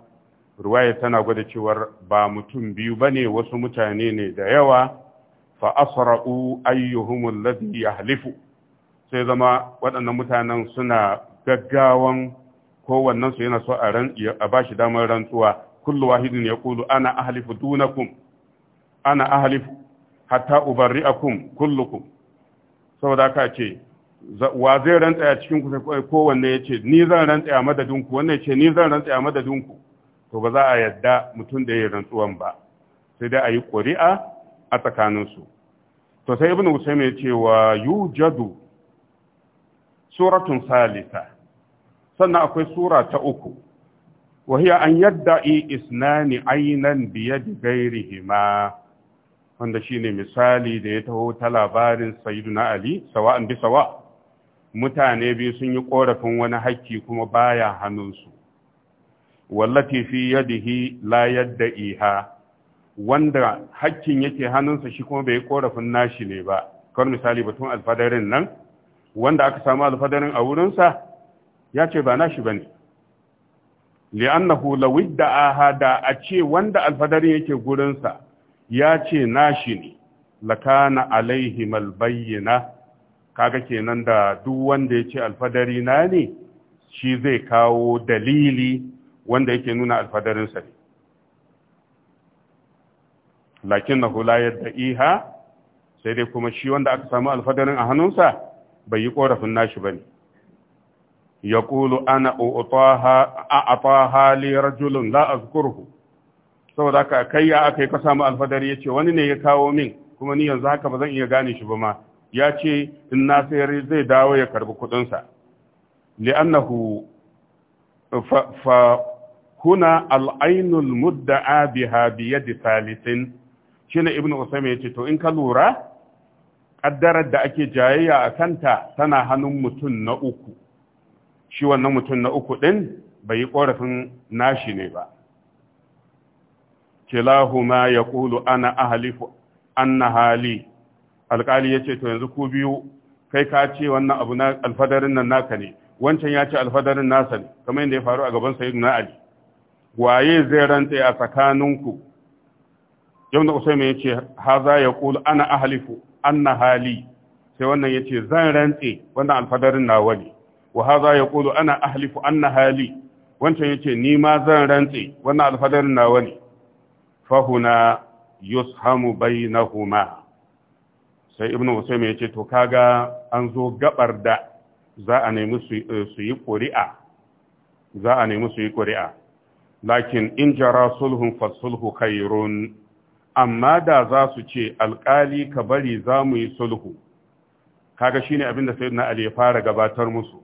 riwayar tana gwada cewar ba mutum biyu bane wasu mutane ne da yawa fa asra'u ayyuhumul ladhi yahlifu sai zama waɗannan mutanen suna gaggawan kowannen su yana so a ran a bashi damar rantsuwa kullu wahidin yaqulu ana ahlifu dunakum ana ahlifu hatta ubarri'akum kullukum saboda haka ce wa zai rantsaya cikin ku kowanne ya ce ni zan rantsaya madadin ku wannan ce ni zan rantsaya madadin ku to ba za a yadda mutum da ya rantsuwan ba sai dai a yi ƙuri'a a tsakaninsu to sai ibn usaim ya ce wa yujadu suratun salisa sannan akwai sura ta uku وهي أن يدعي إسنان عينا بيد غيرهما wanda shine misali da ya taho ta labarin sayyiduna Ali, sawa'an bi sawa, mutane biyu sun yi korafin wani hakki kuma baya hannunsu wallati fi yadihi la yadda iha wanda hakkin yake hannunsa shi kuma bai korafin nashi ne ba kawai misali batun alfadarin nan wanda aka samu alfadarin a wurinsa ya ce ba nashi ba ne li'annahu law aha da a ce wanda alfadarin yake gurinsa ya ce nashi ne lakana alaihi malbayyana kaga kenan da duk wanda ya ce alfadari na ne shi zai kawo dalili wanda yake nuna alfadarinsa ne lakin na hula da iha sai dai kuma shi wanda aka samu alfadarin a hannunsa bai yi korafin nashi ba ne ya kulu ana a'ataha hali rajulun la azkurhu saboda haka kai ya aka yi ka samu alfadari ya ce wani ne ya kawo min kuma ni yanzu haka ba zan iya gane shi ba ma ya ce in na sayar zai dawo ya karbi kudinsa li'annahu fa huna al'ainul mudda'a biha biyadi salisin shine ibnu ya yace to in ka lura kaddarar da ake jayayya a kanta tana hannun mutum na uku shi wannan mutum na uku din bai yi korafin nashi ne ba kilahuma yaqulu ana ahlifu anna hali Alƙali ya ce to yanzu ku biyu kai ka ce wannan abu na alfadarin nan naka ne wancan ya ce alfadarin nasa ne kamar yadda ya faru a gaban na ali waye zai rantse a tsakaninku da usaima ya ce haza ya kulu ana ahalifu anna hali sai wannan ya ce zan rantse wannan alfadarin na wani. wa haza ya kulu ana ahalifu anna hali wancan ya ce ni ma zan rantse wannan alfadarin na wani fahuna yushamu bainahuma sai ibn usaim ya ce to kaga an zo gabar da za a nemi eh, su yi ƙuri'a za a nemi su yi ƙuri'a lakin in jara sulhun fa fasulhu khairun amma da za su ce alƙali ka bari za mu yi sulhu kaga shine abin da sayyidina ali ya fara gabatar musu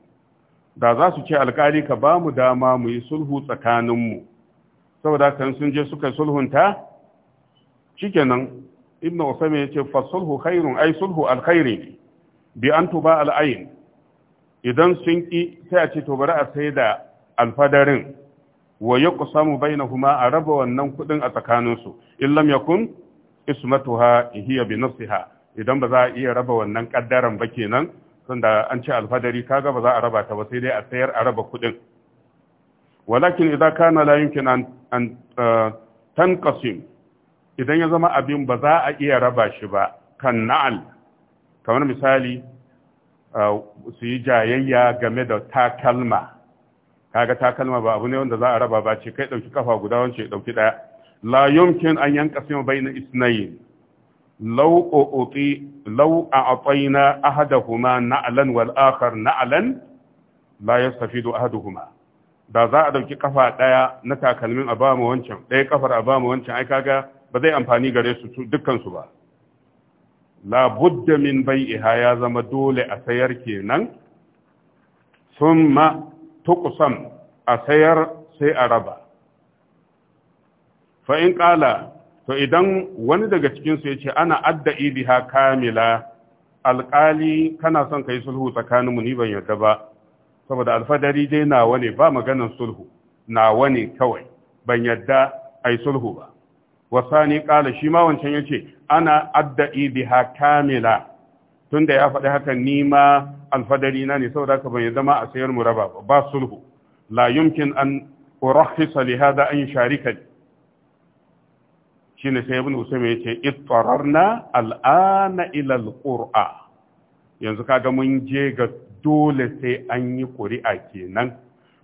da za su ce alƙali ka ba mu dama mu yi sulhu tsakaninmu saboda kan sun je suka sulhunta shikenan ibn usaymin yace fasulhu khairun ai sulhu alkhairi bi an tuba al'ayn idan sun ki sai a to bari a sai da alfadarin wa yuqsamu bainahuma a raba wannan kuɗin a tsakaninsu in lam yakun ismatuha hiya bi nafsiha idan ba za a iya raba wannan kaddaran ba kenan sanda an ce alfadari kaga ba za a raba ta ba sai dai a sayar a raba kuɗin. walakin idan kana la yumkin an eh, tanqasim idan ya zama abin ba za a iya raba shi ba kan na'al kamar misali uh, su yi jayayya game da takalma kaga takalma ba abu ne wanda za a raba ba ce kai ɗauki kafa guda wance ɗauki ɗaya la yumkin an yanka sima bayna isnayin law uqi law a'tayna ahaduhuma na'lan wal akhar na'lan la yastafidu ahaduhuma da za a ɗauki kafa ɗaya na takalmin a ba mu wancan ɗaya kafar a ba mu wancan ai kaga ba zai amfani gare su ba labudda min bai'iha ya zama dole a sayar kenan sun ma tukusan a sayar sai a raba fa'in ƙala to idan wani daga cikinsu ya ce ana adda biha kamila alƙali kana son ka yi sulhu tsakaninmu ni ban yarda ba saboda alfadari dai nawa ne ba maganan sulhu nawa ne kawai ban yarda a sulhu ba wasani ƙala shi ma wancan ya ce ana adda'i biha kamila tunda ya faɗi haka ni ma alfadari na ne saboda haka ban zama a sayar mu raba ba sulhu la yumkin an urahhisa li hada an sharika shine sai ibn usaymin yace ittararna al'ana ila alqur'a yanzu kaga mun je ga dole sai an yi ƙuri'a kenan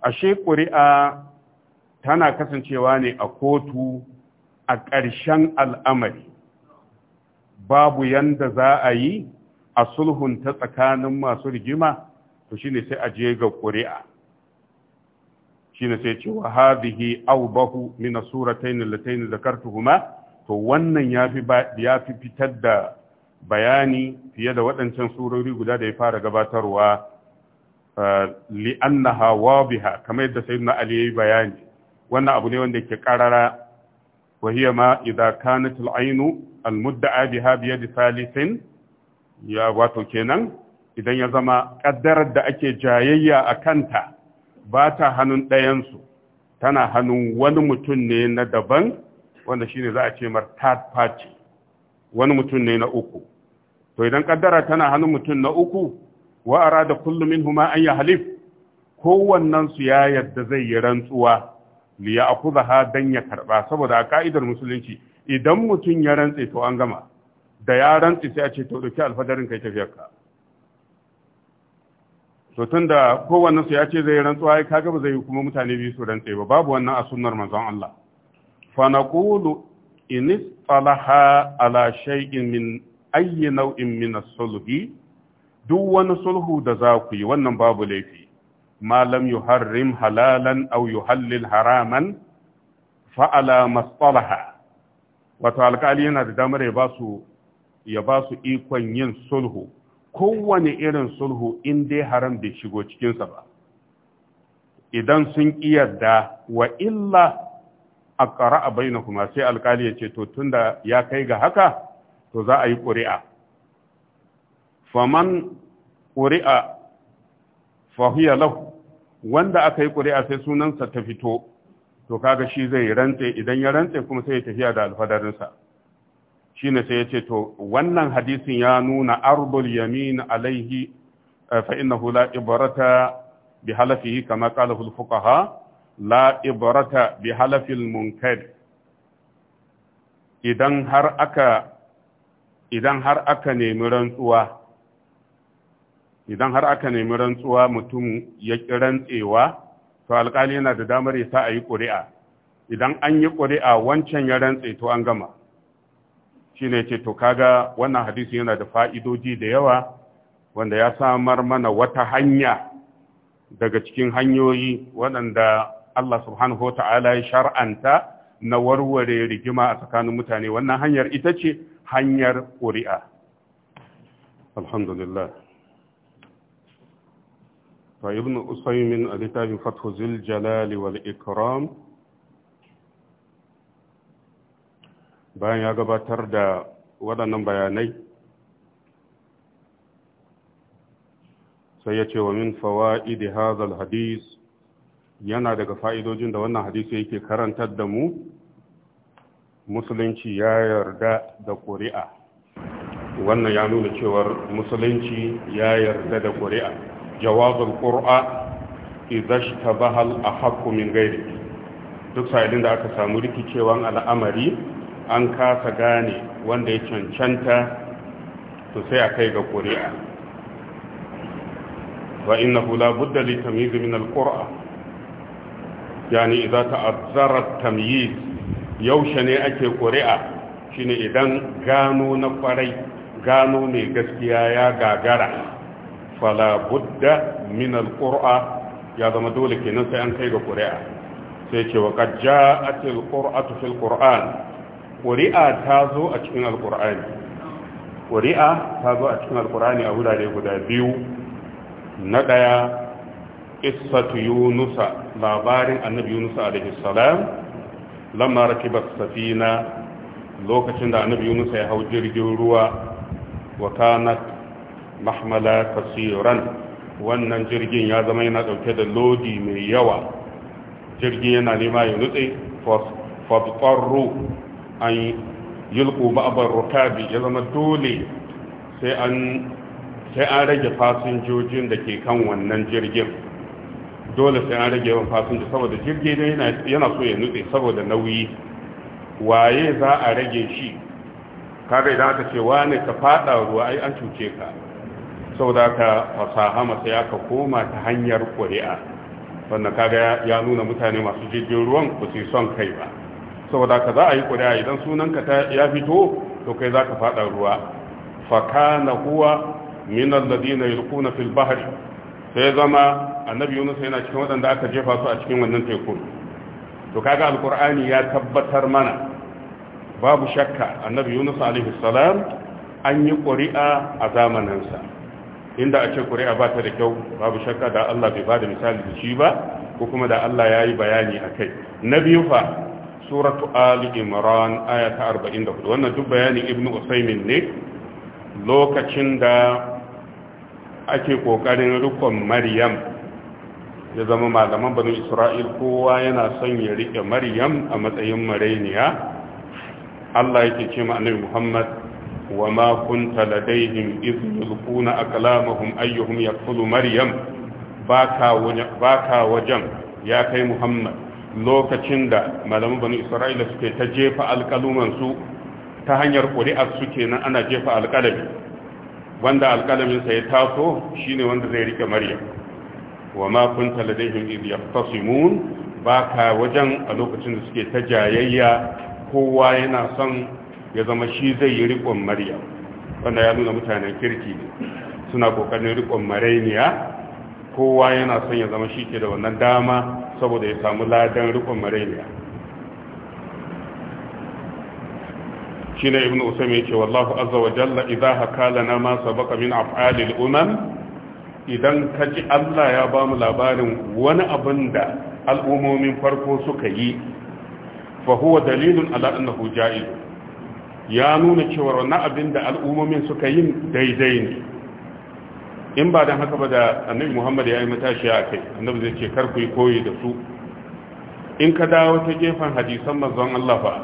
ashe ƙuri'a tana kasancewa ne a kotu a ƙarshen al'amari babu yanda za a yi a sulhunta tsakanin masu rigima to shi ne sai a je ga ƙuri'a Shi ne sai cewa hadhihi awbahu min as-suratayn allatayn zakartuhuma to wannan ya fi fitar da bayani fiye da waɗancan surori guda da ya fara gabatarwa eh, li'annaha biha, kamar yadda sayyidina ali yayi bayani wannan abu ne wanda ke karara wa hiya ma idza kanat al-ainu al-mudda'a biha bi yadi thalithin ya wato kenan idan ya zama ƙaddarar da ake jayayya a kanta ba ta hannun ɗayansu tana hannun wani mutum ne na daban wanda shine za a ce mar third party wani mutum ne na uku to idan kaddara tana hannun mutum na uku wa arada kullu minhuma an ya halif Kowannansu su ya yadda zai yi rantsuwa liya akuza ha dan ya karba saboda a ka'idar musulunci idan mutum ya rantse to an gama da ya rantse sai a ce to dauki alfadarin kai tafiyarka to tunda kowanne su ya ce zai rantsuwa ai kaga ba zai yi kuma mutane biyu su rantse ba babu wannan a sunnar manzon Allah fa naqulu in istalaha ala shay'in min ayyi naw'in min as-sulhi duk wani sulhu da za ku yi wannan babu laifi ما لم يحرم حلالا أو يحلل حراما فعلى ما اصطلح وتعالى yana da damar ya basu su ikon yin sulhu kowane irin sulhu in dai haram bai shigo cikinsa ba idan sun iyarda wa illa a ƙara'a kuma sai alkali ya ce to tunda ya kai ga haka to za a yi ƙuri'a faman ƙuri'a fahiyar lahu wanda aka yi ƙuri'a sai sunansa ta fito to kaga shi zai rantse idan ya rantse kuma sai ya tafiya da alfadarinsa shine sai ya ce to wannan hadisin ya nuna ardul yamin alaihi eh, fa innahu la ibrata bi halafihi kama qala al fuqaha la ibrata bi halafil munkar idan har aka idan har aka nemi rantsuwa idan har aka nemi rantsuwa mutum ya ƙi rantsewa to alƙali yana da damar ya sa a yi ƙuri'a idan an yi ƙuri'a wancan ya rantse to an gama shi ne ce to kaga wannan hadisi yana da fa'idoji da yawa wanda ya samar mana wata hanya daga cikin hanyoyi waɗanda Allah subhanahu wa ta'ala ya shar'anta na warware rigima a tsakanin mutane wannan hanyar ita ce hanyar ƙuri'a alhamdulillah fa ibn usaymin a littafin fathu zil jalali wal ikram bayan ya gabatar da waɗannan bayanai sai ya ce wa min fawa'idi hazal hadis yana daga fa'idodin da wannan hadisi yake karantar da mu musulunci ya yarda da ƙuri'a wannan ya nuna cewar musulunci ya yarda da ƙuri'a جواز qur'a idza اشتبه a من min duk sa'ilin da aka samu rikicewan al'amari an kasa gane wanda ya cancanta to sai a kai ga ƙuri'a wa inna hula budda li tamyiz min al-qur'a yani idza ta'azzara tamyiz yaushe ne ake ƙuri'a shine idan gano na kwarai gano mai gaskiya ya gagara fala budda min alqur'a ya zama dole kenan sai an kai ga ƙuri'a sai ce wa qad ja'atil qur'atu fil qur'an ƙuri'a ta zo a cikin alqur'ani ƙuri'a ta zo a cikin alqur'ani a wurare guda biyu na daya qissatu yunusa labarin annabi yunusa alaihi salam lamma rakiba safina lokacin da annabi yunusa ya hau jirgin ruwa wa kanat mahmala kasiran wannan jirgin ya zama yana dauke da lodi mai yawa jirgin yana nema ya nutse fadqarru an yulqu ba'bar rukabi ya zama dole sai an rage fasinjojin da ke kan wannan jirgin dole sai an rage yawan fasinjo saboda jirgin yana so ya nutse saboda nauyi waye za a rage shi kaga idan aka ce wane ka fada ruwa ai an cuce ka saboda ka fasaha masa ya ka koma ta hanyar ƙuri'a wannan kaga ya nuna mutane masu jirgin ruwan ku su son kai ba saboda ka za a yi ƙuri'a idan sunanka ta ya fito to kai za ka faɗa ruwa kana huwa min alladina yulquna fil bahri sai zama annabi Yunus yana cikin waɗanda aka jefa su a cikin wannan teku to kaga alqur'ani ya tabbatar mana babu shakka annabi Yunus alaihi salam an yi ƙuri'a a zamaninsa inda a ce ƙuri'a ba ta da kyau babu shakka da Allah bai ba da misali da shi ba ko kuma da Allah ya yi bayani a kai na biyu fa suratu ali imran aya ta 44 wannan duk bayanin ibn usaymin ne lokacin da ake kokarin rikon maryam ya zama malaman banu isra'il kowa yana son ya rike maryam a matsayin marainiya Allah yake ce ma annabi Muhammad وما كنت لديهم إذ يلقون أكلامهم أيهم يقتل مريم باكا وجم يا كي محمد lokacin da malaman bani isra'ila suke ta jefa سو ta hanyar ƙuri'ar suke na, ana jefa alkalami wanda alkalaminsa ya taso shine wanda zai rike maryam wa ma kunta ladaihim idh yaftasimun baka wajen a lokacin da suke ta jayayya kowa yana son ya zama shi zai yi rikon maryam wanda ya nuna mutanen kirki ne suna kokarin rikon marainiya kowa yana son ya zama shi ke da wannan dama saboda ya samu ladan rikon marainiya shi ne ibn usaimu ya ce wallahu azza wa jalla idan haka lana ma sabaka min af'alil umam idan ka ji allah ya ba mu labarin wani abin da al'ummomin farko suka yi fa huwa dalilun ala annahu ja'iz ya nuna cewa wannan abin da al'ummomin suka yi daidai ne in ba don haka ba da annabi muhammad ya yi matashi a kai annabi zai ce kar ku yi koyi da su in ka dawo ta gefen hadisan manzon Allah ba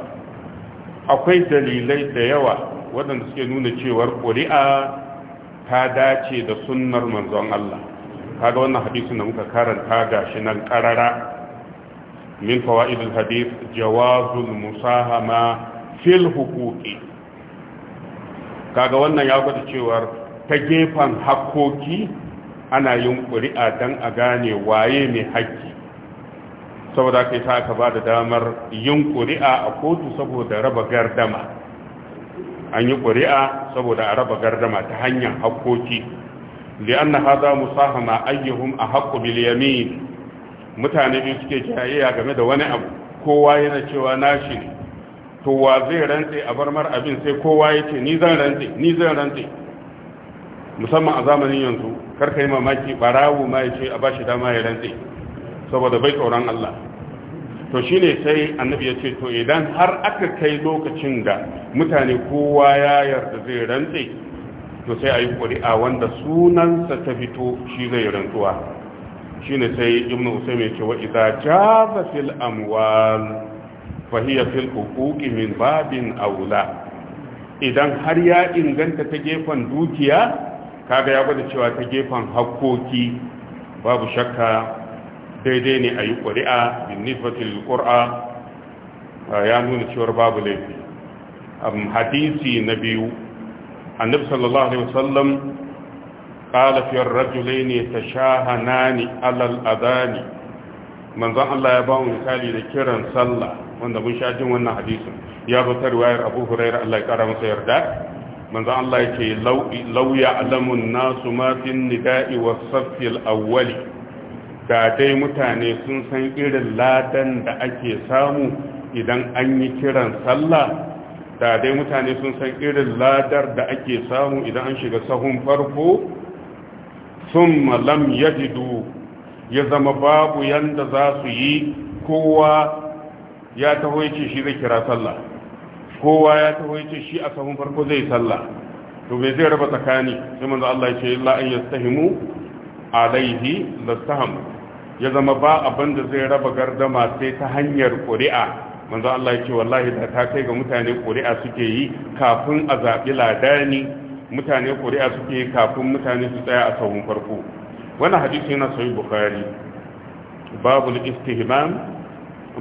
akwai dalilai da yawa waɗanda suke nuna cewar ƙuri'a ta dace da sunnar manzon Allah kaga wannan hadisin da muka karanta gashi nan karara min fawaidul hadis jawazul musahama fil hukuki kaga wannan ya gwada cewar ta gefen hakkoki ana yin ƙuri'a don a gane waye mai haƙƙi saboda yi ta aka ba da damar yin ƙuri'a a kotu saboda raba gardama an yi ƙuri'a saboda a raba gardama ta hanyar hakkoki li'anna hada musahama ayyuhun a haƙƙo miliyami, mutane biyu suke jayayya game da wani abu kowa yana cewa nashi ne to wa zai rantse a barmar abin sai kowa ya ce ni zan rantse ni zan rantse musamman a zamanin yanzu karka yi mamaki barawo ma ya ce a bashi dama ya rantse saboda bai tsoron Allah to shine sai annabi ya ce to idan har aka kai lokacin da mutane kowa ya yarda zai rantse to sai a yi ƙuri'a wanda sunansa ta fito shi zai rantsuwa shine sai ibnu usaim ya ce wa idza jaza fil amwal fahiya fil hukuki min babin aula idan har ya inganta ta gefen dukiya kaga ya gwada cewa ta gefen hakkoki babu shakka daidai ne a yi ƙuri'a bin nisbatil ƙura ya nuna cewar babu laifi hadisi na biyu annabi sallallahu alaihi wasallam ta sha alal تشاهنان على allah ya ظن الله يباو da kiran sallah? wanda mun sha jin wannan hadisin ya zo ta riwayar Abu Hurairah Allah ya kara masa yarda manzo Allah yake law ya'lamu alamun nasu ma fi nida'i was-saffi al da dai mutane sun san irin ladan da ake samu idan an yi kiran sallah da dai mutane sun san irin ladar da ake samu idan an shiga sahun farko sun malam ya ya zama babu yadda za su yi kowa ya taho ya ce shi zai kira sallah kowa ya taho ya ce shi a sahun farko zai sallah to bai zai raba tsakani sai manzo Allah ya ce illa an yastahimu alaihi lastaham ya zama ba abin da zai raba gardama sai ta hanyar ƙuri'a manzo Allah ya ce wallahi da ta kai ga mutane ƙuri'a suke yi kafin a zaɓi ladani mutane ƙuri'a suke yi kafin mutane su tsaya a sahun farko wannan hadisi yana sahih bukhari babul istihmam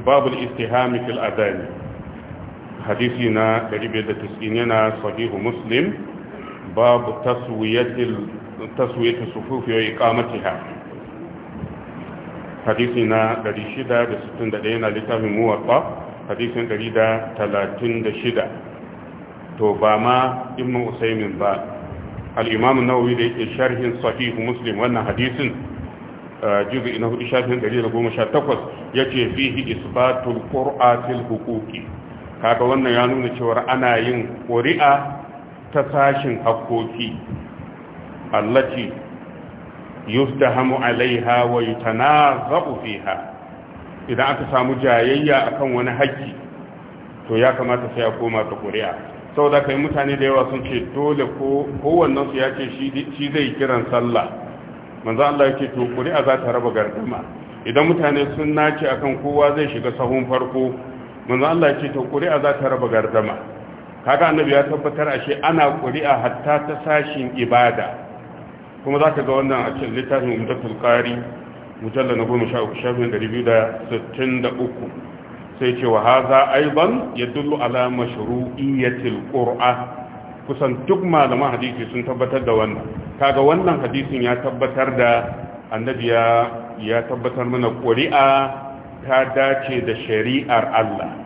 babu istihami fil adani hadisi na 590 yana sahihu muslim babu taswiyatil taswiyatu sufufi wa iqamatiha hadisi na 661 yana littafin muwatta hadisin 136 to ba ma ibnu usaymin ba Al'imamin imam an-nawawi da yake sharhin sahihu muslim wannan hadisin juzu'i na hudu shafin 118 yace fihi isbatul qur'atil huquqi kaga wannan ya nuna cewa ana yin ƙuri'a ta sashin hakkoki allati yuzdahamu alaiha wa zaɓu fiha idan aka samu jayayya akan wani haƙƙi to ya kamata sai a koma ta ƙuri'a saboda kai mutane da yawa sun ce dole ko wannan su ya ce shi zai kiran sallah manzo Allah yake to kuri'a za ta raba gardama idan mutane sun nace akan kowa zai shiga sahun farko manzo Allah yake to kuri'a za ta raba gardama kaga annabi ya tabbatar ashe ana ƙuri'a hatta ta sashin ibada kuma zaka ga wannan a cikin littafin Umdatul Qari mujallal na 13 shafin da da uku sai ce wa aiban aidan yadullu ala mashru'iyyatil qur'an kusan duk malaman hadisi sun tabbatar da wannan kaga wannan hadisin ya tabbatar da annabi ya tabbatar mana ƙuri'a ta dace da shari'ar Allah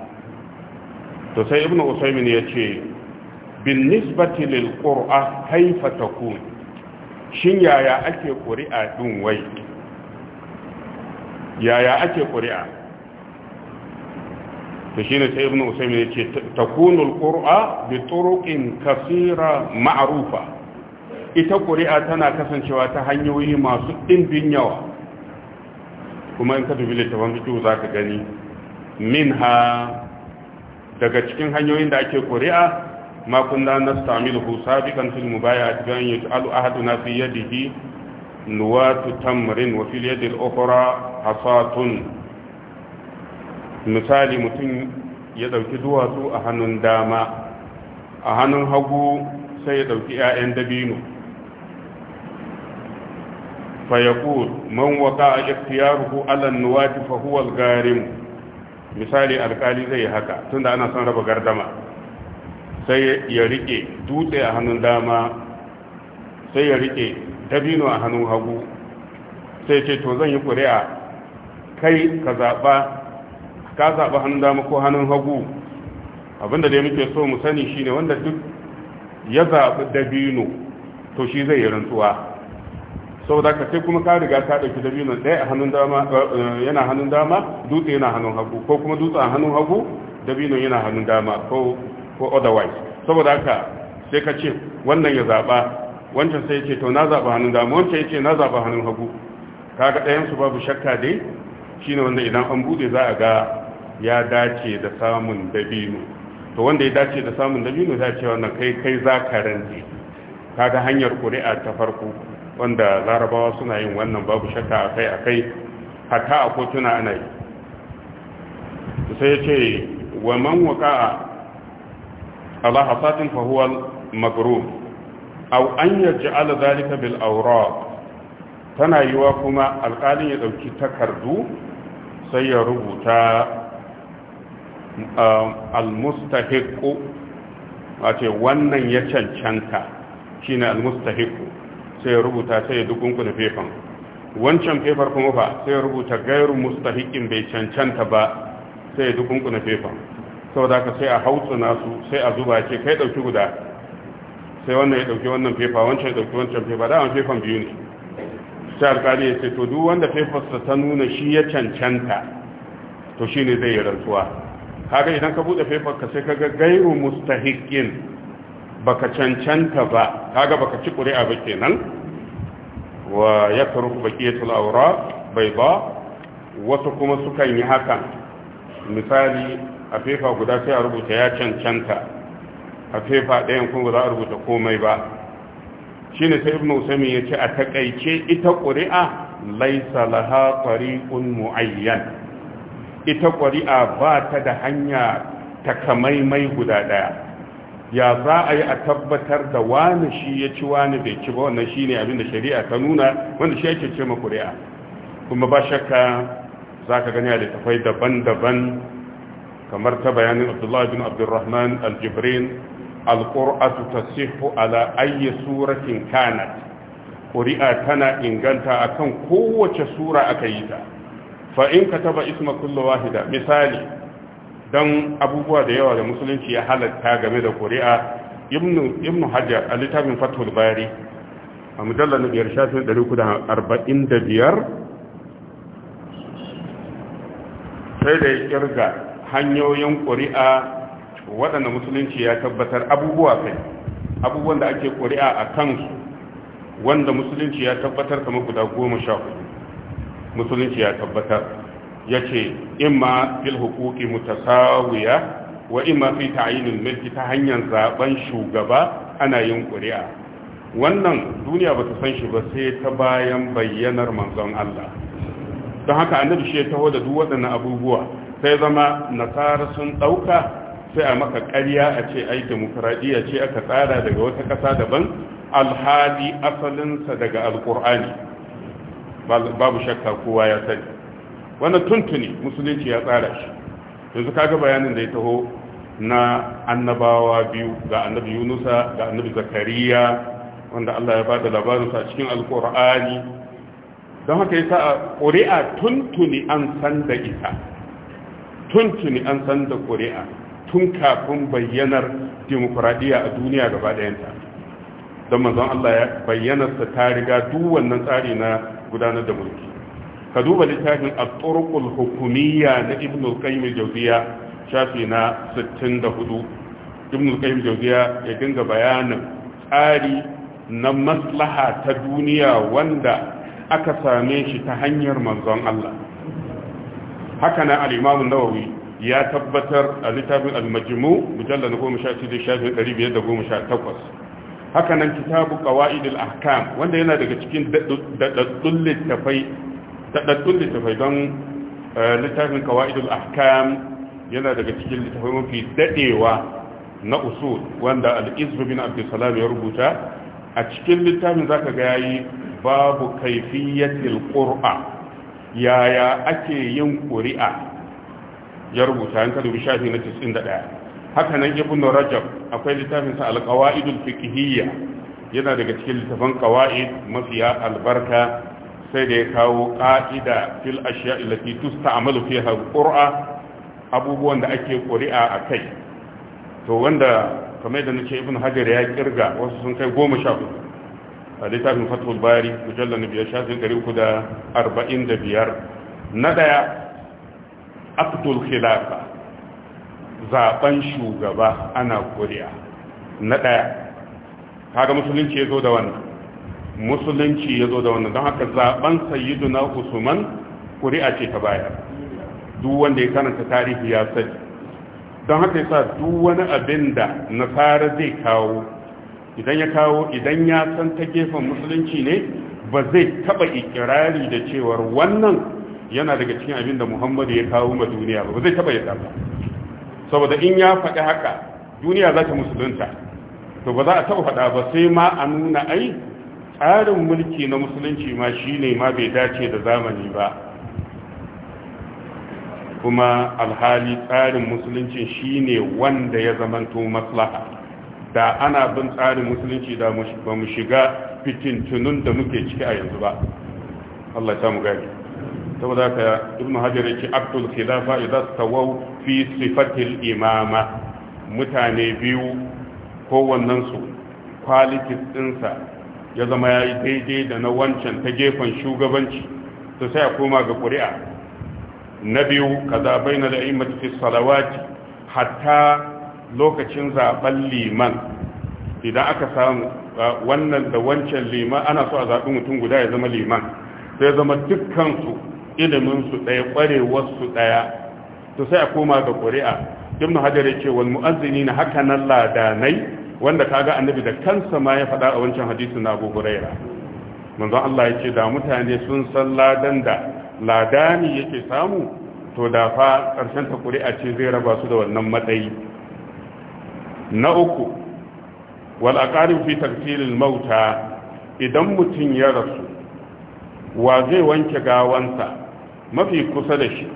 to sai ibnu usaymin ya ce bin nisbati lil qur'a kaifa takun shin yaya ake ƙuri'a din wai yaya ake ƙuri'a to shine sai ibnu ce yace takunu ƙur'a bi turuqin kasira ma'arufa. ita ƙuri'a tana kasancewa ta hanyoyi masu dimbin yawa kuma in ka dubi littafin za zaka gani ha, daga cikin hanyoyin da ake qur'a ma kunna nasta'miluhu sabiqan fil mubay'ati bi an yaj'alu na fi yadihi nuwatu tamrin wa fil yadi al hasatun misali mutum ya ɗauki duwatsu a hannun dama a hannun hagu sai ya ɗauki 'ya'yan dabino fayakul man waka a ikhtiyaruhu alan nuwati fa huwa al misali alkali zai haka tunda ana son raba gardama sai ya rike dutse a hannun dama sai ya rike dabino a hannun hagu sai ce to zan yi ƙuri'a kai ka zaɓa ka zaɓi hannun dama ko hannun hagu abinda da muke so mu sani shine wanda duk ya zaɓi dabino to shi zai yi rantsuwa saboda ka sai kuma ka riga ka ɗauki dabino ɗaya a hannun dama eh, yana hannun dama dutse yana hannun hagu ko kuma dutse a hannun hagu dabino yana hannun dama ko ko otherwise saboda haka sai ka ce wannan ya zaɓa wancan sai ya ce to na zaɓa hannun dama wancan ya ce na zaɓa hannun hagu kaga ɗayan su babu shakka dai shine wanda idan an bude za a ga ya dace da samun dabino to wanda ya dace da samun dabino za ce wannan kai kai za ka rantse kaga hanyar ƙuri'a ta farko wanda larabawa suna yin wannan babu shakka akai akai hatta a kotuna ana yi sai ce wa man waka ala hasatin fa huwa magrum aw an yaj'ala zalika bil awraq tana yiwa kuma alƙalin ya ɗauki takardu sai ya rubuta Um, almustahiku a ce wannan ya cancanta shi ne almustahiku sai ya rubuta sai ya dukunku da fefan wancan fefar kuma ba sai ya rubuta gairu mustahikin bai cancanta ba sai ya dukunku na fefan sau da ka sai a hautsu nasu sai a zuba ce kai ɗauki guda sai wannan ya ɗauki wannan fefa wancan ya ɗauki wancan fefa da wani fefan biyu ne sai alƙali ya ce to duk wanda fefarsa ta nuna shi ya cancanta to shi ne zai yi rantsuwa kaga idan ka bude paper ka sai kaga gairu mustahiqin baka cancanta ba kaga baka ci ƙuri'a ba kenan wa yakruhu baqiyatul awra bayda wasu kuma sukan yi hakan misali a fefa guda sai a rubuta ya cancanta a fefa ɗayan kuma ba za a rubuta komai ba shi ne sai ibnu usami ya ce a takaice ita ƙuri'a laisa laha tariqun mu'ayyan ita ƙuri'a ba ta da hanya takamaimai guda ɗaya ya za a yi a tabbatar da wani shi ya ci wani bai ci ba wannan shi ne abinda shari'a ta nuna wanda shi ake ce ma ƙuri'a kuma ba shakka za ka gani a littafai daban-daban kamar ta bayanin abdullahi bin abdurrahman aljibrin alƙur'atu ta sifu ala ayyi suratin kanat ƙuri'a tana inganta akan kowace sura aka yi ta fa in kataba isma kullu wahida misali dan abubuwa da yawa da musulunci ya halatta game da ƙuri'a ibnu ibnu hajar a littafin fathul bari a mujallar na biyar shafin biyar. sai da ya kirga hanyoyin ƙuri'a waɗanda musulunci ya tabbatar abubuwa kai abubuwan da ake ƙuri'a a kansu wanda musulunci ya tabbatar kamar guda goma sha hudu musulunci ya tabbatar ya ce imma fil hukuki mutasawiya wa imma fi ta'yinul mulki ta hanyar zaben shugaba ana yin ƙuri'a wannan duniya ba ta san shi ba sai ta bayan bayyanar manzon Allah don haka annabi shi ya taho da duk waɗannan abubuwa sai zama nasara sun ɗauka sai a maka ƙarya a ce ai demokuraɗiyya ce aka tsara daga wata ƙasa daban alhali asalinsa daga alƙur'ani babu shakka kowa ya sani wannan tuntuni musulunci ya tsara shi yanzu kaga bayanin da ya taho na annabawa biyu ga annabi yunusa ga annabi zakariya wanda Allah ya bada labarinsa a cikin alkur'ani don haka yasa a ƙuri'a tuntuni an san da ita tuntuni an san da ƙuri'a tun kafin bayyanar demokuraɗiyya a duniya gaba ɗayanta don manzon Allah ya bayyanarsa ta riga duk wannan tsari na gudanar da mulki ka duba littafin a turuqul hukumiyya na ibn al-qayyim al-jawziyya shafi na 64 ibn al-qayyim al ya dinga bayanin tsari na maslaha ta duniya wanda aka same shi ta hanyar manzon Allah haka na al-imam an-nawawi ya tabbatar a littafin al-majmu mujallad 16 shafin 518 haka nan kitabu qawaidul ahkam wanda yana daga cikin daddaddun littafai littafai don eh, littafin qawaidul ahkam yana daga cikin littafai mafi dadewa na usul wanda al-izzu bin abdul salam ya rubuta a cikin littafin zaka ga yayi babu kaifiyatil qur'a yaya ake yin qur'a ya rubuta an ka shafi na 91 haka nan ibn rajab akwai littafinsa alƙawa'idul fiqhiyya yana daga cikin littafan qawaid mafiya albarka sai da ya kawo ƙa'ida fil ashiya allati tusta'malu fiha qur'a abubuwan da ake ƙuri'a akai to wanda kamar da nace ibn hajar ya kirga wasu sun kai 14 a littafin fathul bari mujallal nabiya shafin 345 na daya aqtul khilafa zaben shugaba ana kuri'a na ɗaya kaga musulunci ya zo da wannan musulunci ya zo da wannan don haka zaben sayyiduna usman kuri'a ce ta bayar duk wanda ya karanta tarihi ya sani don haka yasa duk wani abin da nasara zai kawo idan ya kawo idan ya san ta gefen musulunci ne ba zai taba ikirari da cewar wannan yana daga cikin abin da muhammadu ya kawo ma duniya ba ba zai taba ya ba saboda in ya faɗi haka duniya za ta musulunta to ba za a taɓa faɗa ba sai ma a nuna ai tsarin mulki na musulunci ma shi ne ma bai dace da zamani ba kuma alhali tsarin musulunci shi ne wanda ya zamanto maslaha da ana bin tsarin musulunci da ba mu shiga fitintunun da muke ciki a yanzu ba Allah ya mu gani saboda ka ibn hajar yake abdul khilafa idan tawau fi sifatil imama mutane biyu kowannen su kwalitis dinsa ya zama yayi daidai da na wancan ta gefen shugabanci to sai a koma ga ƙuri'a na biyu kaza bainal a'immati fi salawati hatta lokacin zaben liman idan aka samu wannan da wancan liman ana so a zaɓi mutum guda ya zama liman sai zama dukkansu ilimin su ɗaya ɗaya. su ɗaya to sai a koma ga ƙuri'a ibn hajar yake wal na haka nan ladanai wanda kaga annabi da kansa ma ya faɗa a wancan hadisin na Abu Huraira manzon Allah yake da mutane sun san ladan da ladani yake samu to da fa karshen ta ƙuri'a ce zai raba su da wannan matsayi na uku wal aqarib fi takfilil mauta idan mutun ya rasu wa zai wanke gawansa mafi kusa da shi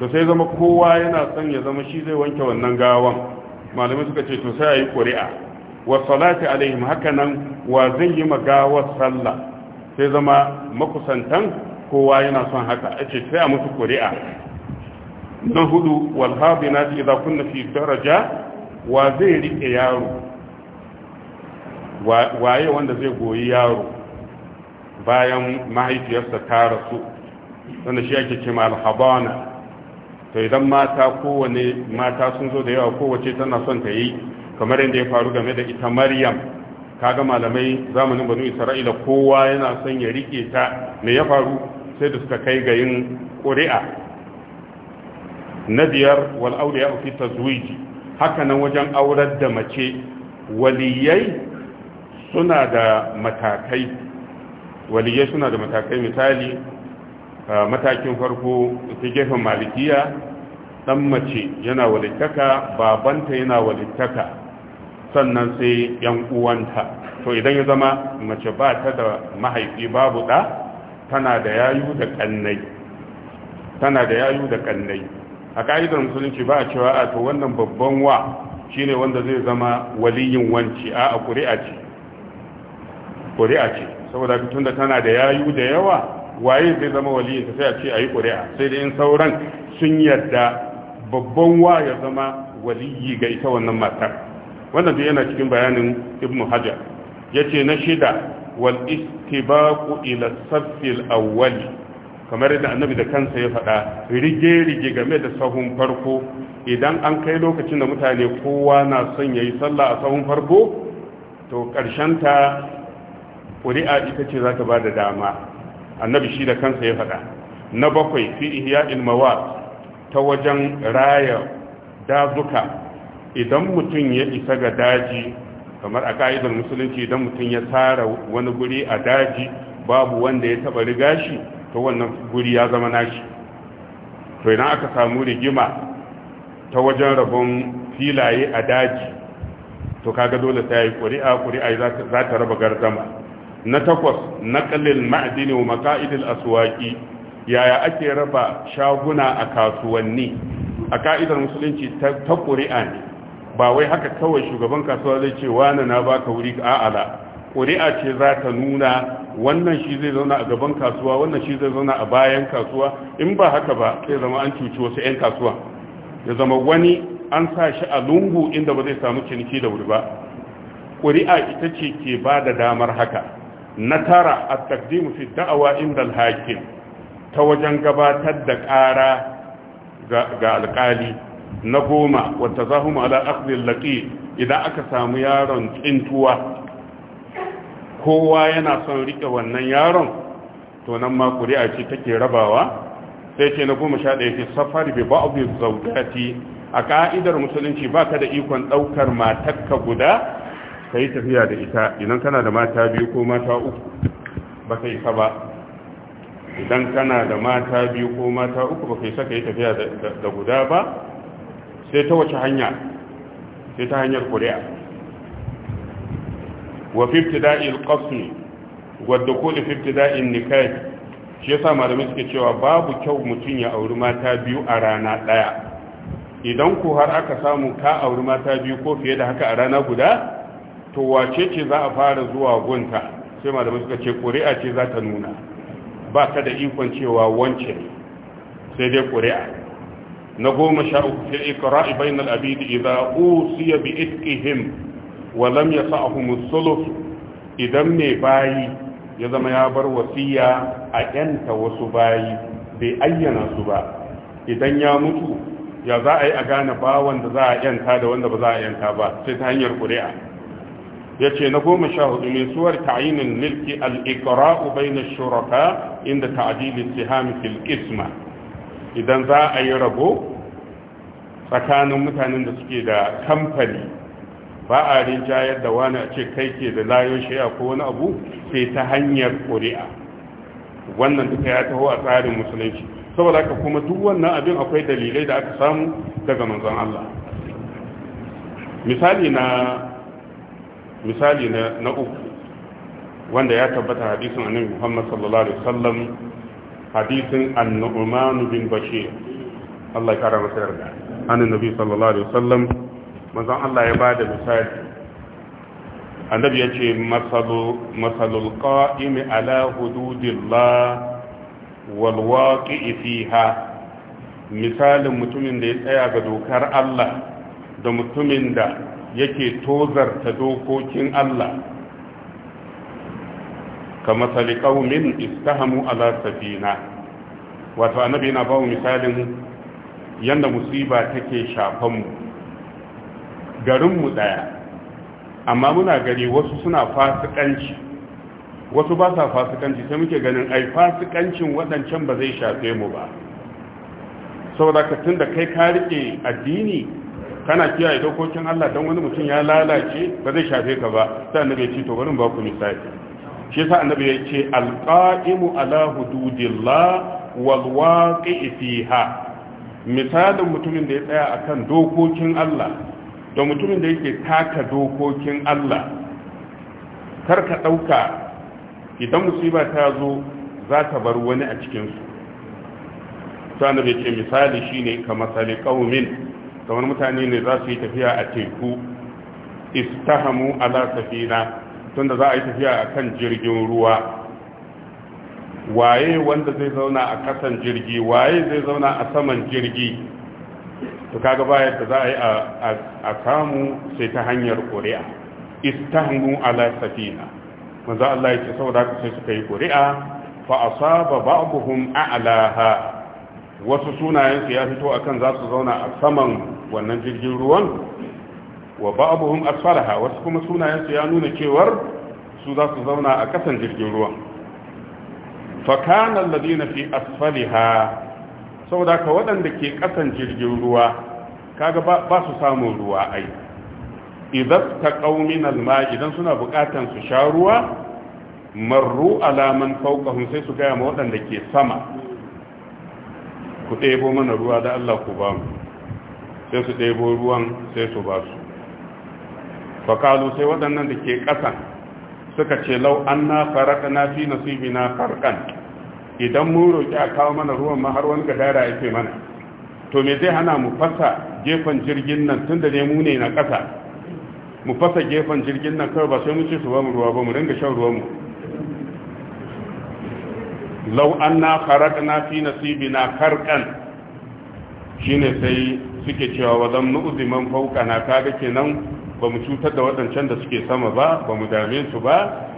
to sai zama kowa yana son ya zama shi zai wanke wannan gawan malamai suka ce to sai a yi ƙuri'a wa salati alaihim haka nan wa zai yi magawa sallah sai zama makusantan kowa yana son haka a ce sai a musu ƙuri'a na hudu walhabi na ce za kunna fi daraja wa zai riƙe yaro waye wanda zai goyi yaro bayan mahaifiyarsa ta rasu wanda shi ake ce alhabana to idan mata kowane mata sun zo da yawa kowace tana son ta yi kamar yadda ya faru game da ita maryam kaga malamai zamanin banu isra'ila kowa yana son ya rike ta me ya faru sai da suka kai ga yin ƙuri'a na biyar wal auliya fi tazwiji haka nan wajen aurar da mace waliyai suna da matakai waliyai suna da matakai misali matakin farko ta gefen malikiya dan mace yana walittaka babanta yana walittaka sannan sai yan uwanta to idan ya zama mace ba ta da mahaifi babu da tana da yayu da kannai tana da yayu da kannai a ka'idar musulunci ba cewa a to wannan babban wa shine wanda zai zama waliyin wanci a a ƙuri'a ce ƙuri'a ce saboda tunda tana da yayu da yawa waye zai zama wali sai a ce a yi ƙuri'a sai da in sauran sun yarda babban wa ya zama waliyi ga ita wannan matar wannan duk yana cikin bayanin ibnu hajar yace na shida wal istibaqu ila safil awwali kamar yadda annabi da kansa ya faɗa rige rige game da sahun farko idan an kai lokacin da mutane kowa na son yayi sallah a sahun farko to ƙarshen ta ƙuri'a ita ce za ta ba da dama annabi shi da kansa ya faɗa na bakwai fi ihya'il ilmawa ta wajen raya dazuka idan mutum ya isa ga daji kamar a ka'idar musulunci idan mutum ya tsara wani guri a daji babu wanda ya taba riga shi to wannan guri ya zama nashi to idan aka samu rigima ta wajen rabon filaye a daji to kaga dole ta yi ƙuri'a ƙuri'a za ta raba gardama na takwas naqlil ma'adini wa maka'idil aswaki yaya ake raba shaguna a kasuwanni a ka'idar musulunci ta ƙuri'a ne ba wai haka kawai shugaban kasuwa zai ce wani na ba ka wuri a'ala ƙuri'a ce za ta nuna wannan shi zai zauna a gaban kasuwa wannan shi zai zauna a bayan kasuwa in ba haka ba sai zama an cuci wasu 'yan kasuwa ya zama wani an sa shi a lungu inda ba zai samu ciniki da wuri ba ƙuri'a ita ce ke ba da damar haka na tara a takdimu fi da'awa inda alhakim ta wajen gabatar da ƙara ga alƙali na goma wata zahumu ala akhdhil laqi idan aka samu yaron tsintuwa kowa yana son rike wannan yaron to nan ma kuri'a ce take rabawa sai ce na goma sha ɗaya fi safari bi ba'adu zaukati a ka'idar musulunci baka da ikon ɗaukar matakka guda ka yi tafiya da ita idan kana da mata biyu ko mata uku ba ka isa ba idan kana da mata biyu ko mata uku ba ka isa ka yi tafiya da guda ba sai ta wace hanya sai ta hanyar kuri'a wa fiftida'il qasmi wa fifti fiftida'in nikah shi yasa malamin suke cewa babu kyau mutum ya auri mata biyu a rana daya idan ku har aka samu ka auri mata biyu ko fiye da haka a rana guda to wace ce za a fara zuwa gunta sai malamai suka ce ƙuri'a ce za ta nuna ba ka da ikon cewa wance sai dai ƙuri'a na goma sha uku fil iqra'i bainal abidi idza siya bi itqihim wa lam sa'ahu sulus idan mai bayi ya zama ya bar wasiya a yanta wasu bayi bai ayyana su ba idan ya mutu ya za a yi a gane ba da za a yanta da wanda ba za a yanta ba sai ta hanyar ƙuri'a ya ce na goma sha hudu mai suwar ta'inin milki al'iƙara'u bai na shuraka inda ta'adilin sihami fil idan za a yi rabo tsakanin mutanen da suke da kamfani ba a rinjayar da wani a ce kai ke da layon shaya ko wani abu sai ta hanyar ƙuri'a wannan duka ya taho a tsarin musulunci saboda haka kuma duk wannan abin akwai dalilai da aka samu daga manzon Allah misali na misali na uku wanda ya tabbata hadisin annabi Muhammad sallallahu alaihi wasallam hadisin an-Nu'man bin Bashir Allah ya kara masa yarda annabi sallallahu alaihi wasallam manzon Allah ya bada misali annabi yace masalu masalul qa'im ala hududillah wal waqi'i fiha misalin mutumin da ya tsaya ga dokar Allah da mutumin da yake tozarta dokokin Allah kama saliƙaumin istahamu ala safina wato annabi na bawo misalin yadda musiba take shafanmu garinmu ɗaya amma muna gari wasu suna fasikanci wasu ba sa fasikanci sai muke ganin ai fasikancin waɗancan ba zai shafe mu ba saboda ka da kai ka riƙe addini kana kiyaye dokokin Allah dan wani mutum ya lalace ba zai shafe ka ba sai annabi ya ce to bari ba ku misali shi yasa annabi ya ce alqaimu ala hududillah wal waqi'i fiha misalin mutumin da ya tsaya akan dokokin Allah da mutumin da yake taka dokokin Allah kar ka dauka idan musiba ta zo za ta bar wani a cikin su sai annabi ya ce misali shine ka sali qaumin kamar mutane ne za su yi tafiya a teku istahamu ala safina tunda za a yi tafiya a kan jirgin ruwa waye wanda zai zauna a kasan jirgi waye zai zauna a saman jirgi to kaga bayan da za a yi a samu sai ta hanyar ƙuri'a istahamu ala safina manzo Allah ya ce saboda haka sai suka yi ƙuri'a fa asaba ba'dhum a'laha wasu sunayen su ya fito akan za su zauna a saman wannan jirgin ruwan wa ba'abuhum asfalaha wasu kuma sunayensu ya nuna cewar su za su zauna a kasan jirgin ruwan fakanan ladina fi asfaliha saboda ka waɗanda ke kasan jirgin ruwa kaga ba su samun ruwa ai idan ta ƙaumin alma idan suna bukatan su sha ruwa marru alaman fauƙahun sai su gaya ma waɗanda ke sama ku ɗebo mana ruwa da allah ku ba mu sai su ɗebo ruwan sai su ba su fakalu sai waɗannan da ke ƙasa suka ce lau an na faraka na fi nasibi na farkan idan mun roƙi a kawo mana ruwan ma har wani gadara yake mana to me zai hana mu fasa gefen jirgin nan tun da ne mu ne na ƙasa mu fasa gefen jirgin nan kawai ba sai mu ce su ba mu ruwa ba mu ringa shan ruwan mu lau an na faraka na fi nasibi na farkan shine sai suke cewa wadan nu'zi man na kaga kenan ba mu cutar da waɗancan da suke sama ba ba mu dame su ba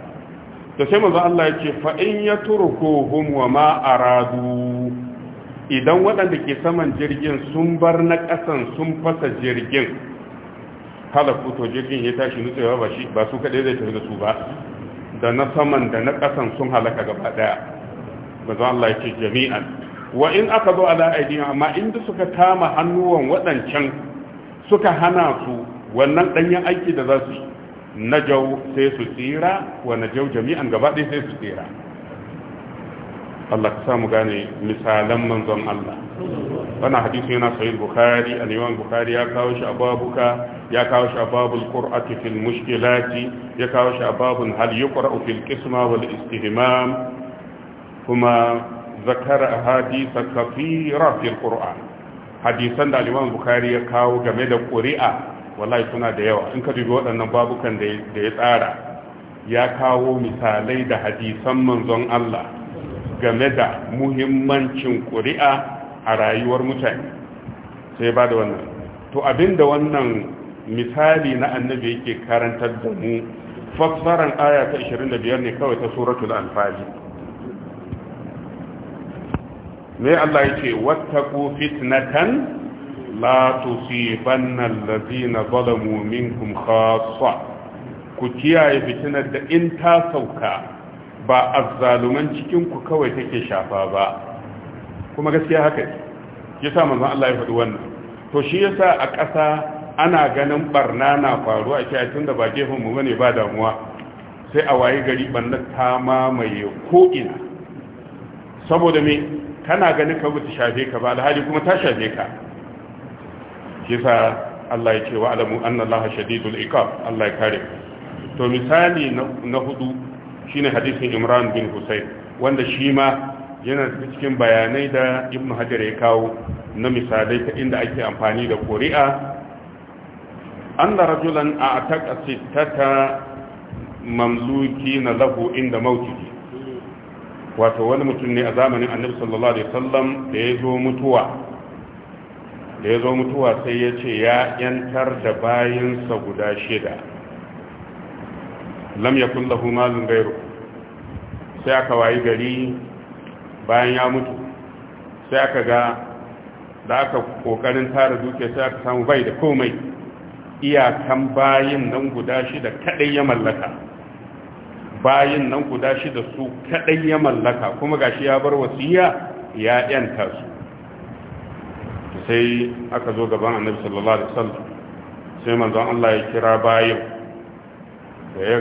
da sai manzo Allah ya fa in yaturkuhum wa ma aradu idan waɗanda ke saman jirgin sun bar na kasan sun fasa jirgin kala kuto jirgin ya tashi nutsewa ba shi ba su kade zai tafi da su ba da na saman da na kasan sun halaka gaba ɗaya manzo Allah yake jami'an wa in aka zo ala aidihim amma inda suka kama hannuwan waɗancan suka hana su wannan ɗanyen aiki da za su na jau sai su tsira wa jau jami'an gaba ɗaya sai su tsira Allah ka samu gane misalan manzon Allah wannan hadisi yana sahih bukhari al-imam bukhari ya kawo shi a babuka ya kawo shi a babul qur'ati fil mushkilati ya kawo shi a hal yuqra'u fil qisma wal istihmam kuma zakara hadisa kafira fil qur'an hadisan da al-imam bukhari ya kawo game da qur'a wallahi suna da yawa in ka dubi waɗannan babukan da ya tsara ya kawo misalai da hadisan manzon Allah game da muhimmancin qur'a a rayuwar mutane sai ba da wannan to abinda wannan misali na annabi yake karantar da mu fassaran aya ta 25 ne kawai ta suratul anfal me Allah yake wattaqu fitnatan la tusibanna allazina zalamu minkum khassa ku kiyaye fitnar da in ta sauka ba azzaluman cikin ku kawai take shafa ba kuma gaskiya haka yasa manzon Allah ya faɗi wannan to shi yasa a ƙasa ana ganin barna na faruwa a kiyaye tunda ba gefen mu bane ba damuwa sai a wayi gari banna ta mamaye ko ina saboda me kana ganin ka bata shafe ka ba alhali kuma ta shafe ka shi sa Allah ya ce wa alamu anna shadidul iqab Allah ya kare to misali na hudu shine hadisin Imran bin Husayn wanda shi ma yana cikin bayanai da Ibn Hajar ya kawo na misalai ta inda ake amfani da ƙuri'a an da rajulan a sittata mamluki na lahu inda mautuki wato wani mutum ne a zamanin annabi sallallahu alaihi wasallam da ya zo mutuwa da ya zo mutuwa sai ya ce ya yantar da bayinsa guda shida lam yakun lahu malun gairu sai aka wayi gari bayan ya mutu sai aka ga da aka kokarin tara duke sai aka samu bai da komai iyakan bayin nan guda shida kadai ya mallaka bayin nan guda shida su kaɗai ya mallaka kuma gashi ya bar wasiya ya yanta su sai aka zo gaban annabi sallallahu alaihi wasallam sai manzon Allah ya kira bayin da ya